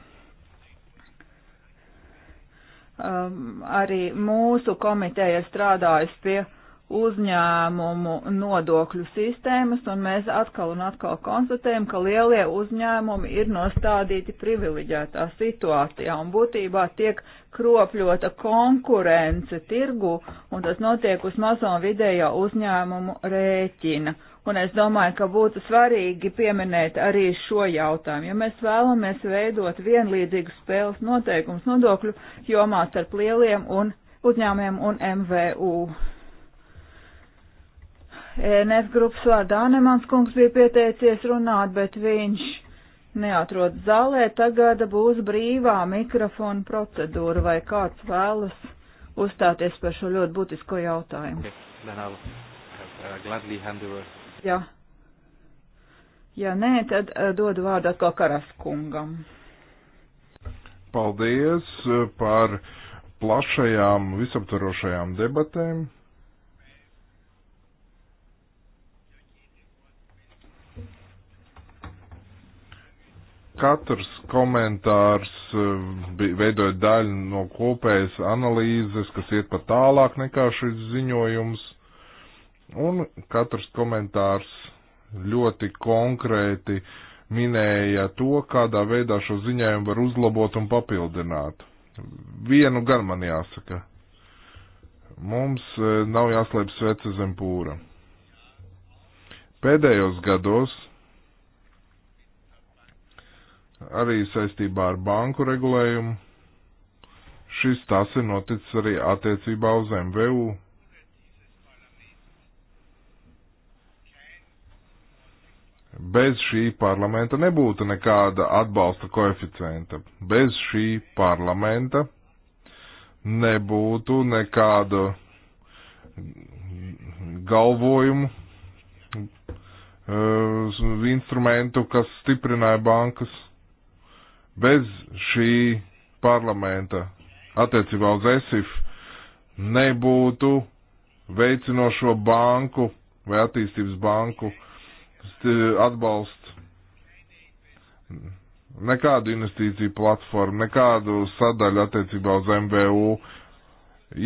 Um, arī mūsu komiteja strādājas pie uh, uzņēmumu nodokļu sistēmas, un mēs atkal un atkal konstatējam, ka lielie uzņēmumi ir nostādīti privileģētā situācijā, un būtībā tiek kropļota konkurence tirgu, un tas notiek uz mazo un vidējā uzņēmumu rēķina. Un es domāju, ka būtu svarīgi pieminēt arī šo jautājumu, jo ja mēs vēlamies veidot vienlīdzīgu spēles noteikumus nodokļu jomā starp lieliem un uzņēmumiem un MVU E NF grupas vārdā Anemans kungs bija pieteicies runāt, bet viņš neatrod zālē. Tagad būs brīvā mikrofona procedūra, vai kāds vēlas uzstāties par šo ļoti būtisko jautājumu. Okay. Uh, Jā. Ja nē, tad uh, dodu vārdu atkal karaskungam. Paldies uh, par plašajām, visaptvarošajām debatēm Katrs komentārs eh, veidoja daļu no kopējas analīzes, kas iet pat tālāk nekā šis ziņojums, un katrs komentārs ļoti konkrēti minēja to, kādā veidā šo ziņojumu var uzlabot un papildināt. Vienu gan man jāsaka. Mums eh, nav jāslēpjas sveces zem pūra. Pēdējos gados arī saistībā ar banku regulējumu. Šis tas ir noticis arī attiecībā uz MVU. Bez šī parlamenta nebūtu nekāda atbalsta koeficienta. Bez šī parlamenta nebūtu nekādu galvojumu uh, instrumentu, kas stiprināja bankas Bez šī parlamenta attiecībā uz ESIF nebūtu veicinošo banku vai attīstības banku atbalsts, nekādu investīciju platformu, nekādu sadaļu attiecībā uz MVU.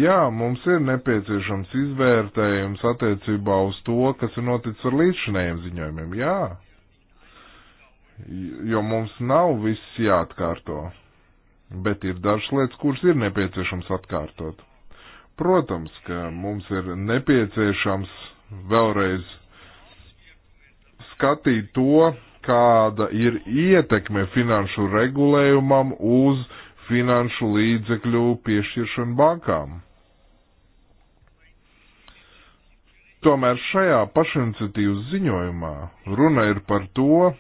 Jā, mums ir nepieciešams izvērtējums attiecībā uz to, kas ir noticis ar līdzšinējiem ziņojumiem. Jā, jo mums nav viss jāatkārto, bet ir dažas lietas, kuras ir nepieciešams atkārtot. Protams, ka mums ir nepieciešams vēlreiz skatīt to, kāda ir ietekme finanšu regulējumam uz finanšu līdzekļu piešķiršanu bankām. Tomēr šajā pašiniciatīvas ziņojumā runa ir par to,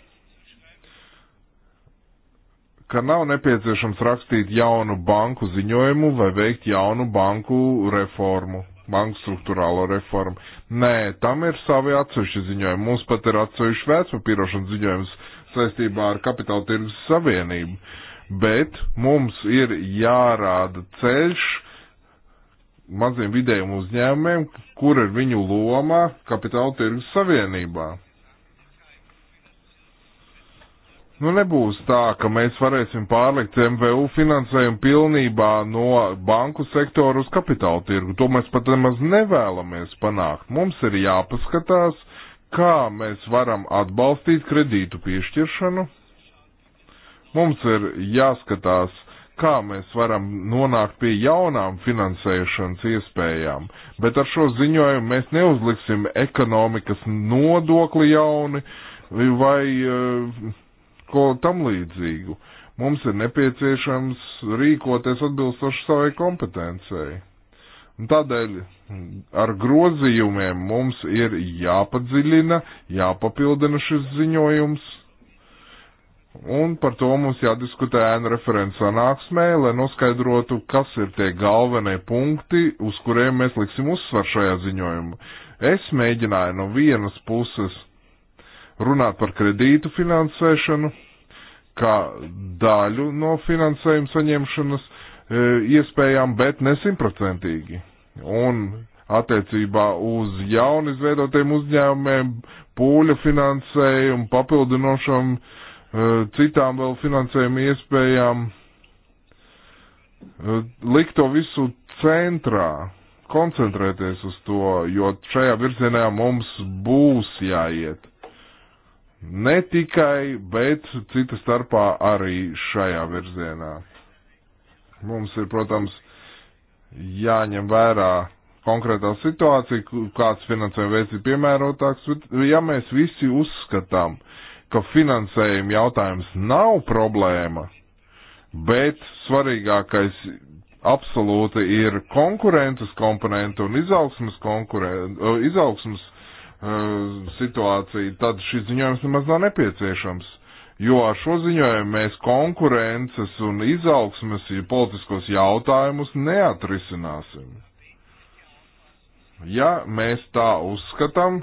ka nav nepieciešams rakstīt jaunu banku ziņojumu vai veikt jaunu banku reformu, banku struktūrālo reformu. Nē, tam ir savi atsevišķi ziņojumi. Mums pat ir atsevišķi vērtspapīrošanas ziņojums saistībā ar kapitāla tirgus savienību. Bet mums ir jārāda ceļš maziem vidējiem uzņēmumiem, kur ir viņu loma kapitāla tirgus savienībā Nu, nebūs tā, ka mēs varēsim pārlikt MVU finansējumu pilnībā no banku sektora uz kapitāla tirgu. To mēs pat nemaz nevēlamies panākt. Mums ir jāpaskatās, kā mēs varam atbalstīt kredītu piešķiršanu. Mums ir jāskatās, kā mēs varam nonākt pie jaunām finansēšanas iespējām, bet ar šo ziņojumu mēs neuzliksim ekonomikas nodokli jauni vai. Uh, ko tam līdzīgu. Mums ir nepieciešams rīkoties atbilstoši savai kompetencei. Un tādēļ ar grozījumiem mums ir jāpadziļina, jāpapildina šis ziņojums, un par to mums jādiskutē ēnu referents sanāksmē, lai noskaidrotu, kas ir tie galvenie punkti, uz kuriem mēs liksim uzsvar šajā ziņojumā. Es mēģināju no vienas puses runāt par kredītu finansēšanu, kā daļu no finansējuma saņemšanas e, iespējām, bet ne simtprocentīgi. Un attiecībā uz jaunu izveidotiem uzņēmumiem, pūļu finansējumu, papildinošam e, citām vēl finansējuma iespējām, e, likt to visu centrā, koncentrēties uz to, jo šajā virzienā mums būs jāiet. Ne tikai, bet cita starpā arī šajā virzienā. Mums ir, protams, jāņem vērā konkrētā situācija, kāds finansējuma veids ir piemērotāks, bet ja mēs visi uzskatām, ka finansējuma jautājums nav problēma, bet svarīgākais absolūti ir konkurences komponenta un izaugsmas, izaugsmas Um, situāciju, tad šis ziņojums nemaz nav nepieciešams. Jo ar šo ziņojumu mēs konkurences un izaugsmes ja politiskos jautājumus neatrisināsim. Ja mēs tā uzskatām,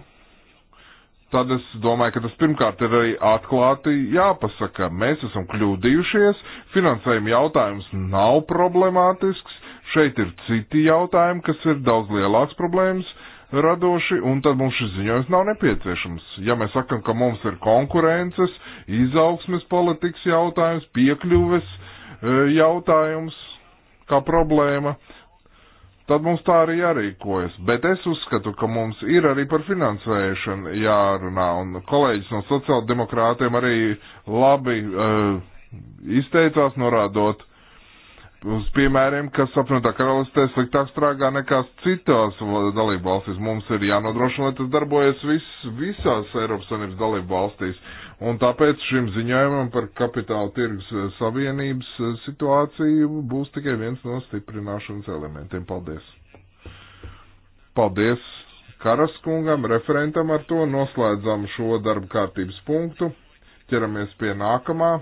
tad es domāju, ka tas pirmkārt ir arī atklāti jāpasaka. Mēs esam kļūdījušies, finansējuma jautājums nav problemātisks, šeit ir citi jautājumi, kas ir daudz lielāks problēmas, radoši, un tad mums šis ziņojums nav nepieciešams. Ja mēs sakam, ka mums ir konkurences, izaugsmes politikas jautājums, piekļuves e, jautājums kā problēma, tad mums tā arī jārīkojas. Bet es uzskatu, ka mums ir arī par finansēšanu jārunā, un kolēģis no sociāldemokrātiem arī labi uh, izteicās norādot uz piemēriem, kas apvienotā karalistē sliktāk strāgā nekā citās dalību valstīs. Mums ir jānodrošina, lai tas darbojas vis, visās Eiropas Savienības dalību valstīs. Un tāpēc šim ziņojumam par kapitāla tirgus savienības situāciju būs tikai viens no stiprināšanas elementiem. Paldies! Paldies Karaskungam, referentam ar to. Noslēdzam šo darba kārtības punktu. Ķeramies pie nākamā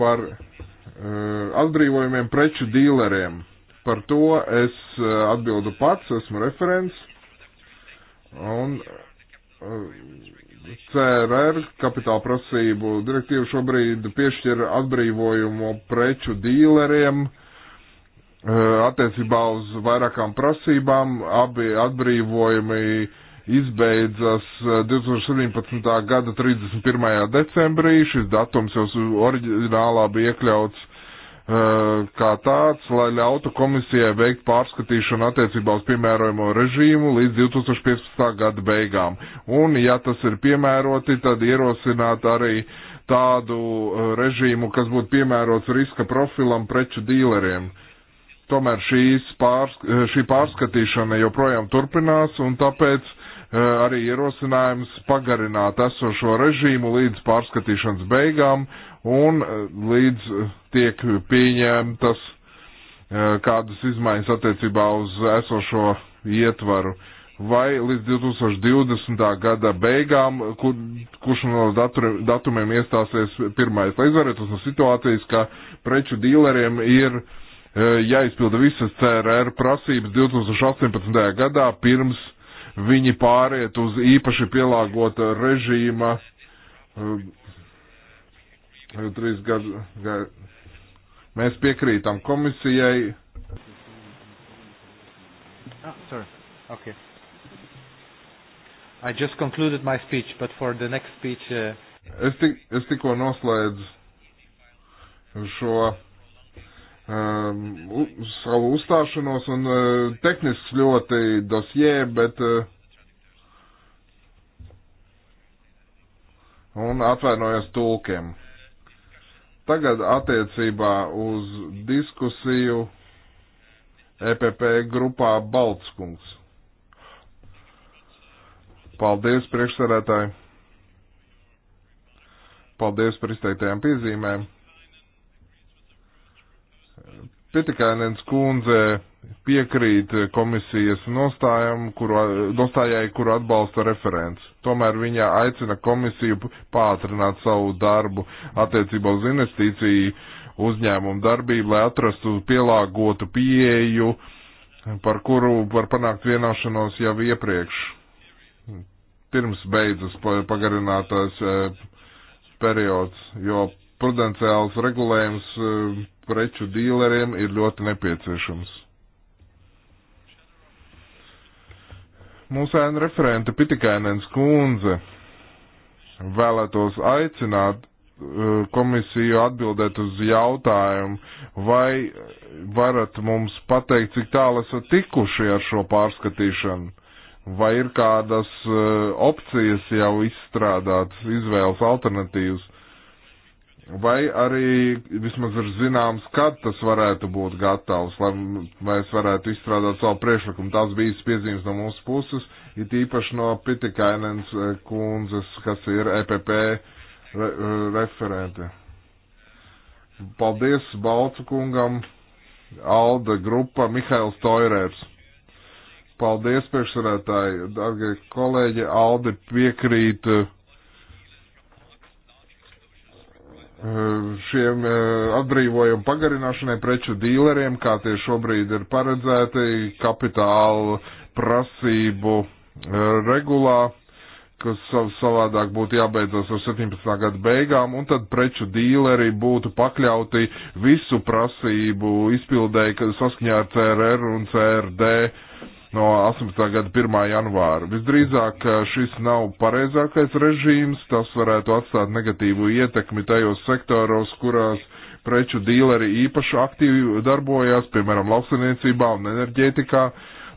par Eh, atbrīvojumiem preču dīleriem. Par to es eh, atbildu pats, esmu referents. Un eh, CRR kapitāla prasību direktīva šobrīd piešķir atbrīvojumu preču dīleriem attiecībā uz vairākām prasībām. Abi atbrīvojumi izbeidzas 2017. Eh, gada 31. decembrī. Šis datums jau oriģinālā bija iekļauts eh, kā tāds, lai ļautu komisijai veikt pārskatīšanu attiecībā uz piemērojamo režīmu līdz 2015. gada beigām. Un, ja tas ir piemēroti, tad ierosināt arī tādu eh, režīmu, kas būtu piemērots riska profilam preču dīleriem. Tomēr pārsk šī pārskatīšana joprojām turpinās, un tāpēc Eh, arī ierosinājums pagarināt esošo režīmu līdz pārskatīšanas beigām un eh, līdz eh, tiek pieņemtas kādas izmaiņas attiecībā uz esošo ietvaru. Vai līdz 2020. gada beigām, kur, kurš no datur, datumiem iestāsies pirmais, lai izvarētos no situācijas, ka preču dīleriem ir jāizpilda visas CRR prasības 2018. gadā pirms viņi pāriet uz īpaši pielāgota režīma eh, trīs gadu. Mēs piekrītam komisijai. Ah, sorry. Okay. I just concluded my speech, but for the next speech. Uh... Es, tik, es tikko noslēdzu šo um, savu uzstāšanos un uh, tehnisks ļoti dosjē, bet uh, un atvainojos tulkiem. Tagad attiecībā uz diskusiju EPP grupā Baltskungs. Paldies priekšsarētāji. Paldies par izteiktajām piezīmēm. Pitikainens kundze piekrīt komisijas nostājam, kuru, nostājai, kuru atbalsta referents. Tomēr viņa aicina komisiju pātrināt savu darbu attiecībā uz investīciju uzņēmumu darbību, lai atrastu pielāgotu pieeju, par kuru var panākt vienošanos jau iepriekš, pirms beidzas pagarinātais eh, periods, jo prudenciāls regulējums eh, preču dīleriem ir ļoti nepieciešams. Mūsu ēna referente Pitikainens kundze vēlētos aicināt eh, komisiju atbildēt uz jautājumu, vai varat mums pateikt, cik tālu esat tikuši ar šo pārskatīšanu, vai ir kādas eh, opcijas jau izstrādātas, izvēles alternatīvas, Vai arī vismaz ir zināms, kad tas varētu būt gatavs, lai mēs varētu izstrādāt savu priekšlikumu. Tās bija piezīmes no mūsu puses, it īpaši no Pitikainens eh, kundzes, kas ir EPP re eh, referente. Paldies Balcu kungam, Alda grupa, Mihails Toirērs. Paldies priekšsarētāji, dargie kolēģi, Alde piekrīt. Uh, šiem eh, atbrīvojumu pagarināšanai preču dīleriem, kā tie šobrīd ir paredzēti kapitālu prasību eh, regulā, kas savādāk būtu jābeidzas ar 17. gada beigām, un tad preču dīleri būtu pakļauti visu prasību izpildēji, kas saskaņā ar CRR un CRD no 18. gada 1. janvāra. Visdrīzāk šis nav pareizākais režīms, tas varētu atstāt negatīvu ietekmi tajos sektoros, kurās preču dīleri īpaši aktīvi darbojās, piemēram, lauksaniecībā un enerģētikā.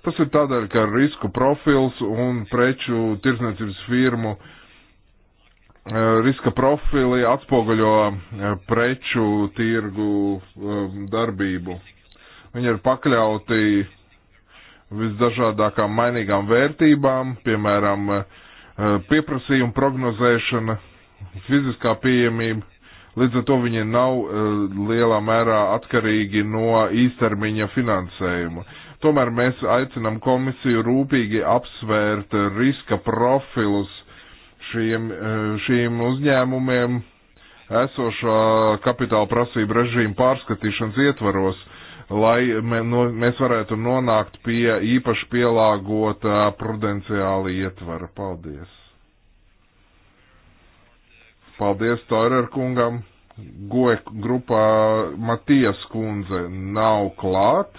Tas ir tādēļ, ka risku profils un preču tirsniecības firmu eh, riska profili atspoguļo eh, preču tirgu eh, darbību. Viņi ir pakļauti visdažādākām mainīgām vērtībām, piemēram, eh, pieprasījuma prognozēšana, fiziskā pieejamība. Līdz ar to viņi nav eh, lielā mērā atkarīgi no īstermiņa finansējuma. Tomēr mēs aicinam komisiju rūpīgi apsvērt riska profilus šiem, eh, šiem uzņēmumiem esošā kapitāla prasība režīma pārskatīšanas ietvaros lai mēs varētu nonākt pie īpaši pielāgota prudenciāla ietvara. Paldies! Paldies Toirer kungam! Goe grupā Matijas kundze nav klāt.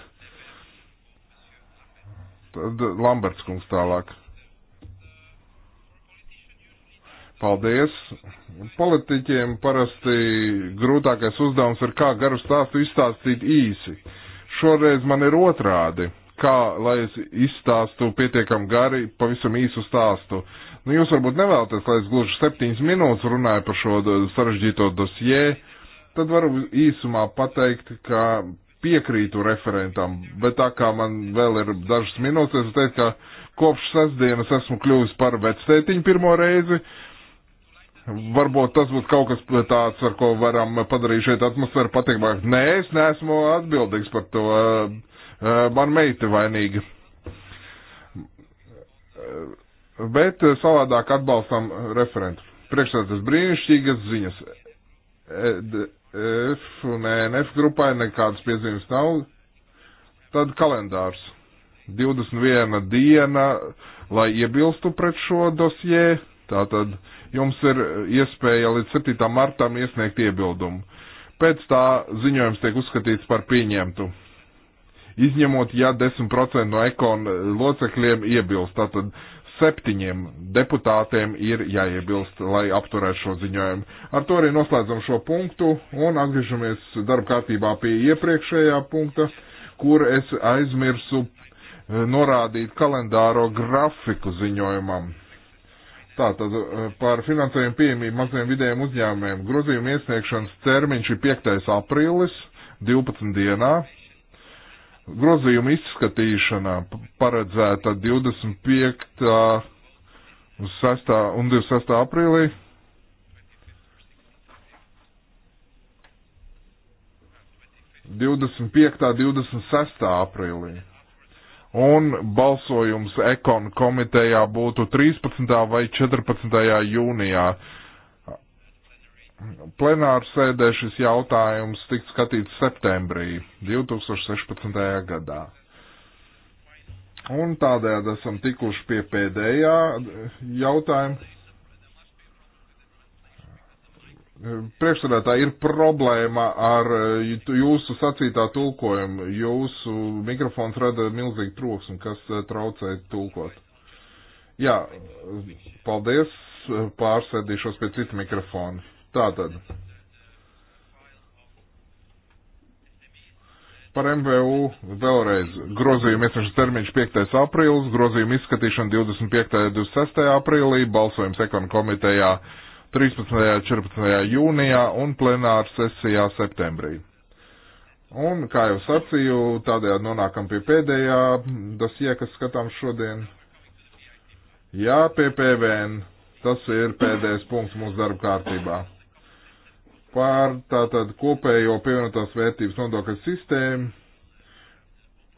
Tad Lamberts kungs tālāk. Paldies. Politiķiem parasti grūtākais uzdevums ir kā garu stāstu izstāstīt īsi. Uh, Šoreiz man ir otrādi, kā lai es izstāstu pietiekam gari, pavisam īsu stāstu. Nu, jūs varbūt nevēlaties, lai es gluži septiņas minūtes runāju par šo sarežģīto dosjē, tad varu īsumā pateikt, ka piekrītu referentam, bet tā kā man vēl ir dažas minūtes, es teicu, ka kopš sestdienas esmu kļuvis par vectētiņu pirmo reizi, Varbūt tas būs kaut kas tāds, ar ko varam padarīt šeit atmosfēru patīkamāk. Nē, es neesmu atbildīgs par to. Man meita vainīga. Bet savādāk atbalstam referentu. Priekšsēdētas brīnišķīgas ziņas. F un ENF grupai nekādas piezīmes nav. Tad kalendārs. 21 diena, lai iebilstu pret šo dosieru Tātad jums ir iespēja līdz 7. martam iesniegt iebildumu. Pēc tā ziņojums tiek uzskatīts par pieņemtu. Izņemot, ja 10% no ekona locekļiem iebilst, tātad septiņiem deputātiem ir jāiebilst, lai apturētu šo ziņojumu. Ar to arī noslēdzam šo punktu un atgriežamies darba kārtībā pie iepriekšējā punkta, kur es aizmirsu norādīt kalendāro grafiku ziņojumam. Tātad eh, par finansējumu pieejamību maziem vidējiem uzņēmumiem. Grozījuma iesniegšanas termiņš ir 5. aprīlis, 12 dienā. Grozījuma izskatīšana paredzēta 25. un 6. un 26. aprīlī. Divdesmit piektā, divdesmit sestā aprīlī un balsojums ekon komitejā būtu 13. vai 14. jūnijā. Plenāru sēdē šis jautājums tiks skatīts septembrī 2016. gadā. Un tādējādi esam tikuši pie pēdējā jautājuma. Priekšsēdētāji, ir problēma ar eh, jūsu sacītā tulkojumu. Jūsu mikrofons rada milzīgu troksni, kas eh, traucē tulkot. Jā, paldies, pārsēdīšos pie cita mikrofona. Tātad. Par MVU vēlreiz grozījuma iesniegšanas termiņš 5. aprīlis, grozījuma izskatīšana 25. un 26. aprīlī, balsojums ekonomikomitejā komitejā 13. un 14. jūnijā un plenāra sesijā septembrī. Un, kā jau sacīju, tādējādi nonākam pie pēdējā dosie, kas skatām šodien. Jā, pie PVN. Tas ir pēdējais punkts mūsu darba kārtībā. Pār tātad kopējo pievienotās vērtības nodokļu sistēmu,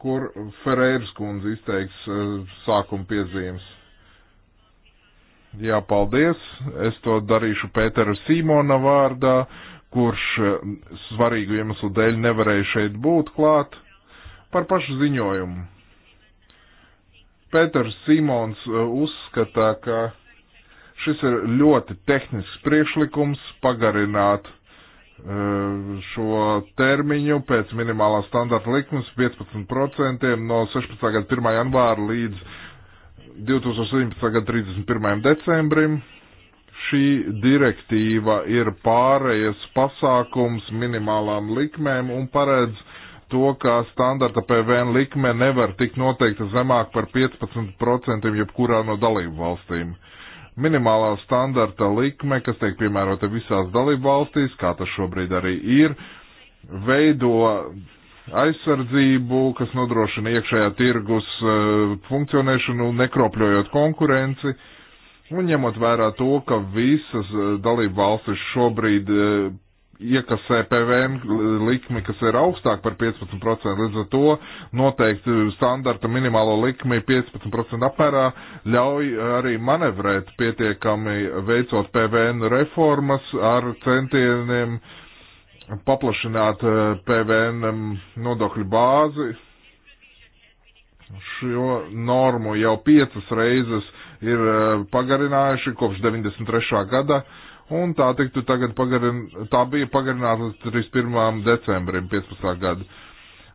kur Ferēras kundze izteiks eh, sākuma piezīmes. Jā, paldies. Es to darīšu Pētera Simona vārdā, kurš eh, svarīgu iemeslu dēļ nevarēja šeit būt klāt par pašu ziņojumu. Pēters Simons eh, uzskatā, ka šis ir ļoti tehnisks priekšlikums pagarināt eh, šo termiņu pēc minimālā standarta likums 15% no 16. gada 1. janvāra līdz 2017. gada 31. decembrim. Šī direktīva ir pārējas pasākums minimālām likmēm un paredz to, ka standarta PVN likme nevar tikt noteikta zemāk par 15% jebkurā no dalību valstīm. Minimālā standarta likme, kas tiek piemērota visās dalību valstīs, kā tas šobrīd arī ir, veido aizsardzību, kas nodrošina iekšējā tirgus eh, funkcionēšanu, nekropļojot konkurenci. Un ņemot vērā to, ka visas eh, dalību valstis šobrīd eh, iekasē PVN likmi, kas ir augstāk par 15%, līdz ar to noteikti standarta minimālo likmi 15% apmērā ļauj arī manevrēt pietiekami veicot PVN reformas ar centieniem uh, paplašināt eh, PVN nodokļu bāzi. Šo normu jau piecas reizes ir eh, pagarinājuši kopš 93. gada, un tā tiktu tagad pagarin, tā bija pagarināta līdz 31. decembrim 15. gada.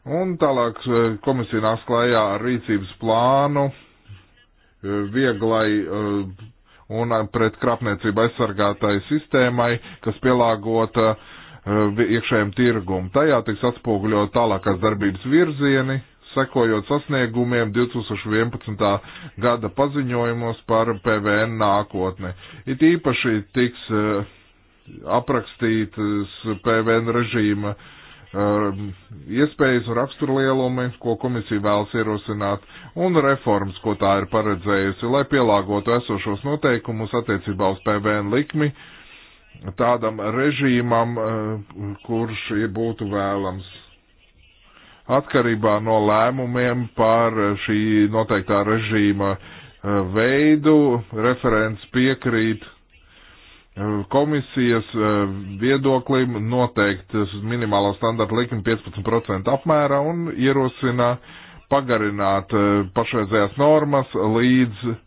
Un tālāk eh, komisija nāks klājā ar rīcības plānu vieglai un pret krāpniecību aizsargātai sistēmai, kas pielāgota uh, iekšējiem tirgumu. Tajā tiks atspoguļot tālākās darbības virzieni, sekojot sasniegumiem 2011. gada paziņojumos par PVN nākotni. It īpaši tiks eh, aprakstītas PVN režīma eh, iespējas un raksturlielumi, ko komisija vēlas ierosināt, un reformas, ko tā ir paredzējusi, lai pielāgotu esošos noteikumus attiecībā uz PVN likmi, uh, tādam režīmam, eh, kurš būtu vēlams. Atkarībā no lēmumiem par šī noteiktā režīma eh, veidu referents piekrīt eh, komisijas viedoklim noteikt minimālo standartu likmi 15% apmērā un ierosina pagarināt pašreizējās normas līdz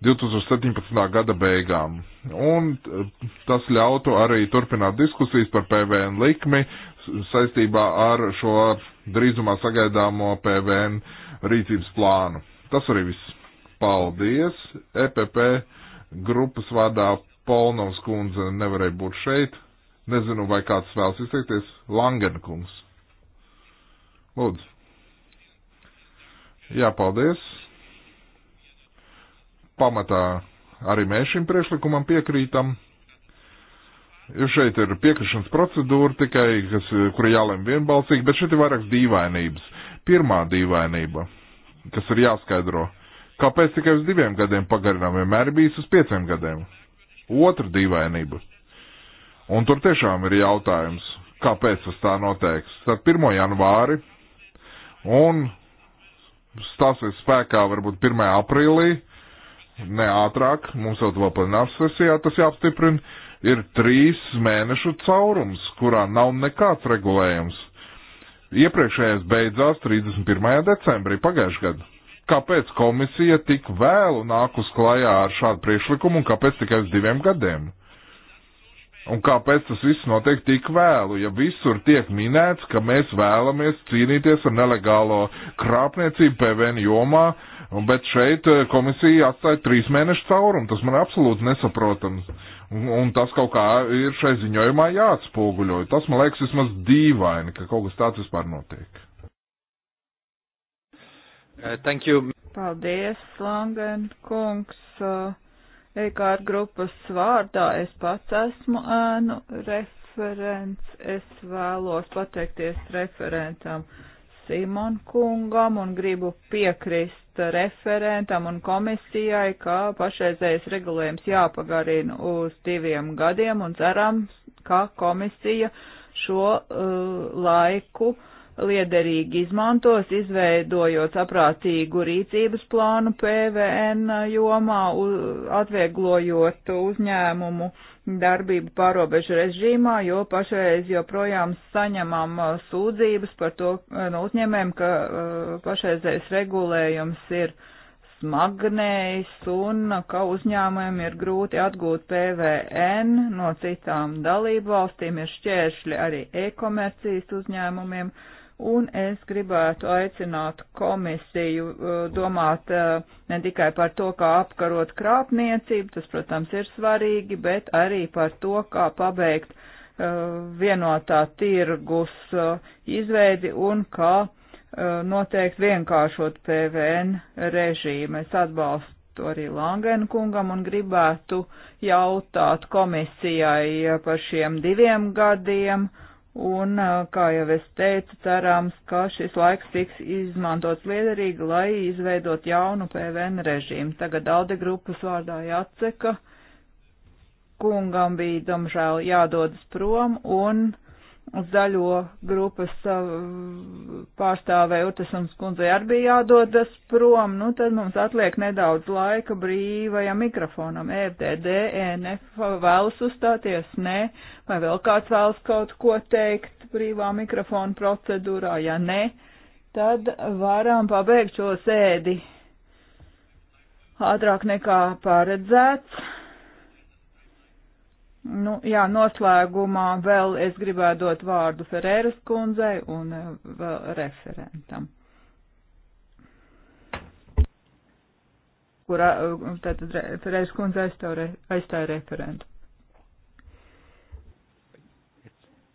2017. gada beigām. Un eh, tas ļautu arī turpināt diskusijas par PVN likmi saistībā ar šo drīzumā sagaidāmo PVN rīcības plānu. Tas arī viss. Paldies! EPP grupas vārdā Polnovs kundze nevarēja būt šeit. Nezinu, vai kāds vēlas izteikties. Langena kungs. Lūdzu. Jā, paldies pamatā arī mēs šim priekšlikumam piekrītam. Jo šeit ir piekrišanas procedūra tikai, kas, kura jālem vienbalsīgi, bet šeit ir vairākas dīvainības. Pirmā dīvainība, kas ir jāskaidro, kāpēc tikai uz diviem gadiem pagarinām, vienmēr ir bijis uz pieciem gadiem. Otra dīvainība. Un tur tiešām ir jautājums, kāpēc tas tā notiek. Starp 1. janvāri un stāsies spēkā varbūt 1. aprīlī ne ātrāk, mums vēl vēl plenārs sesijā tas jāapstiprina, ir trīs mēnešu caurums, kurā nav nekāds regulējums. Iepriekšējais beidzās 31. decembrī pagājušajā gadā. Kāpēc komisija tik vēlu nāk uz klajā ar šādu priekšlikumu un kāpēc tikai uz diviem gadiem? Un kāpēc tas viss notiek tik vēlu, ja visur tiek minēts, ka mēs vēlamies cīnīties ar nelegālo krāpniecību PVN jomā, Bet šeit eh, komisija atstāja trīs mēnešu caurumu. Tas man absolūti nesaprotams. Un, un tas kaut kā ir šai ziņojumā jāatspoguļo. Tas man liekas vismaz dīvaini, ka kaut kas tāds vispār notiek. Uh, thank you. Paldies, Langen kungs. Uh, EKR grupas vārdā es pats esmu ēnu referents. Es vēlos pateikties referentam. Uh, Simon kungam un gribu piekrist referentam un komisijai, ka pašreizējais regulējums jāpagarina uz diviem gadiem un ceram, ka komisija šo uh, laiku liederīgi izmantos, izveidojot saprātīgu rīcības plānu PVN jomā, uz, atvieglojot uzņēmumu uh, darbību pārobežu režīmā, jo pašreiz joprojām saņemam uh, sūdzības par to uh, no uzņēmēm, ka uh, pašreizējais regulējums ir smagnējs un ka uzņēmējiem ir grūti atgūt PVN no citām dalību valstīm, ir šķēršļi arī e-komercijas uzņēmumiem. Uh, Un es gribētu aicināt komisiju uh, domāt uh, ne tikai par to, kā apkarot krāpniecību, tas, protams, ir svarīgi, bet arī par to, kā pabeigt uh, vienotā tirgus izveidi un kā noteikti vienkāršot PVN režīmu. Es atbalstu arī Langēnu kungam un gribētu jautāt komisijai par šiem diviem gadiem Un, kā jau es teicu, cerams, ka šis laiks tiks izmantots liederīgi, lai izveidot jaunu PVN režīmu. Tagad Alde grupas vārdā jāatseka. Kungam bija, domžēl, jādodas prom, un zaļo grupas pārstāvē Utasums kundzei arī bija jādodas prom, nu tad mums atliek nedaudz laika brīvajam mikrofonam. FDD, e ENF vēlas uzstāties, nē, vai vēl kāds vēlas kaut ko teikt brīvā mikrofona procedūrā, ja nē, tad varam pabeigt šo sēdi ātrāk nekā paredzēts. Nu, jā, noslēgumā vēl es gribētu dot vārdu Ferēras kundzei un eh, vēl referentam. Kurā, eh, tātad Ferēras kundze aizstāja, aizstāja referentu.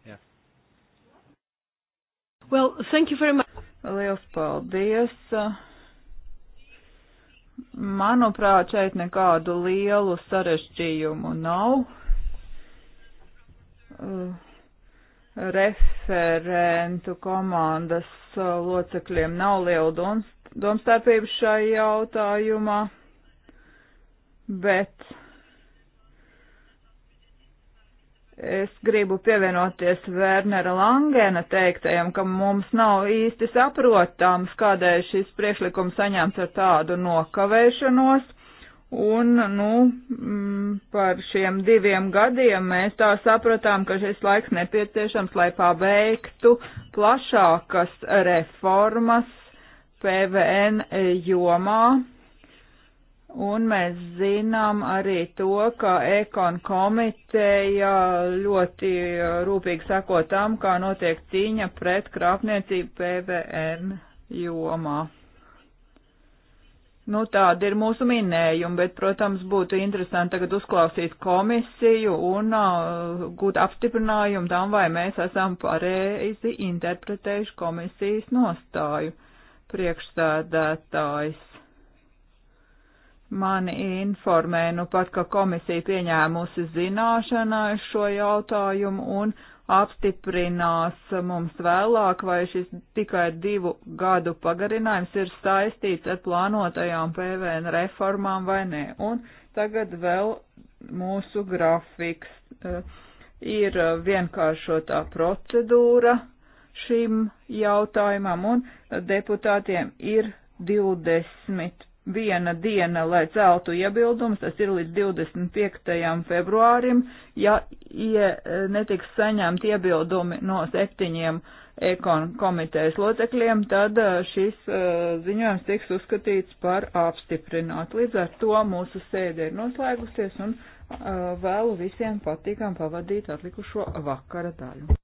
Yeah. Well, thank you very much. Liels paldies. Uh, Manuprāt, šeit nekādu lielu sarežģījumu nav. Uh, referentu komandas locekļiem nav liela domstarpība šai jautājumā, bet es gribu pievienoties Vērnera Langēna teiktajam, ka mums nav īsti saprotams, kādēļ šis priekšlikums saņemts ar tādu nokavēšanos Un, nu, mm, par šiem diviem gadiem mēs tā sapratām, ka šis laiks nepieciešams, lai pabeigtu plašākas reformas PVN jomā. Un mēs zinām arī to, ka Ekon komiteja ļoti rūpīgi sako tam, kā notiek cīņa pret krāpniecību PVN jomā. Nu, tāda ir mūsu minējuma, bet, protams, būtu interesanti tagad uzklausīt komisiju un uh, gūt apstiprinājumu tam, vai mēs esam pareizi interpretējuši komisijas nostāju priekšstādātājs. Mani informē, nu pat, ka komisija pieņēmusi zināšanai šo jautājumu un apstiprinās mums vēlāk, vai šis tikai divu gadu pagarinājums ir saistīts ar plānotajām PVN reformām vai nē. Un tagad vēl mūsu grafiks. Eh, ir vienkāršotā procedūra šim jautājumam, un deputātiem ir 20 viena diena, lai celtu iebildumus, tas ir līdz 25. februārim, ja, ja netiks saņemti iebildumi no septiņiem ekon komitejas locekļiem, tad eh, šis eh, ziņojums tiks uzskatīts par apstiprinātu. Līdz ar to mūsu sēde ir noslēgusies un eh, vēlu visiem patīkam pavadīt atlikušo vakara daļu.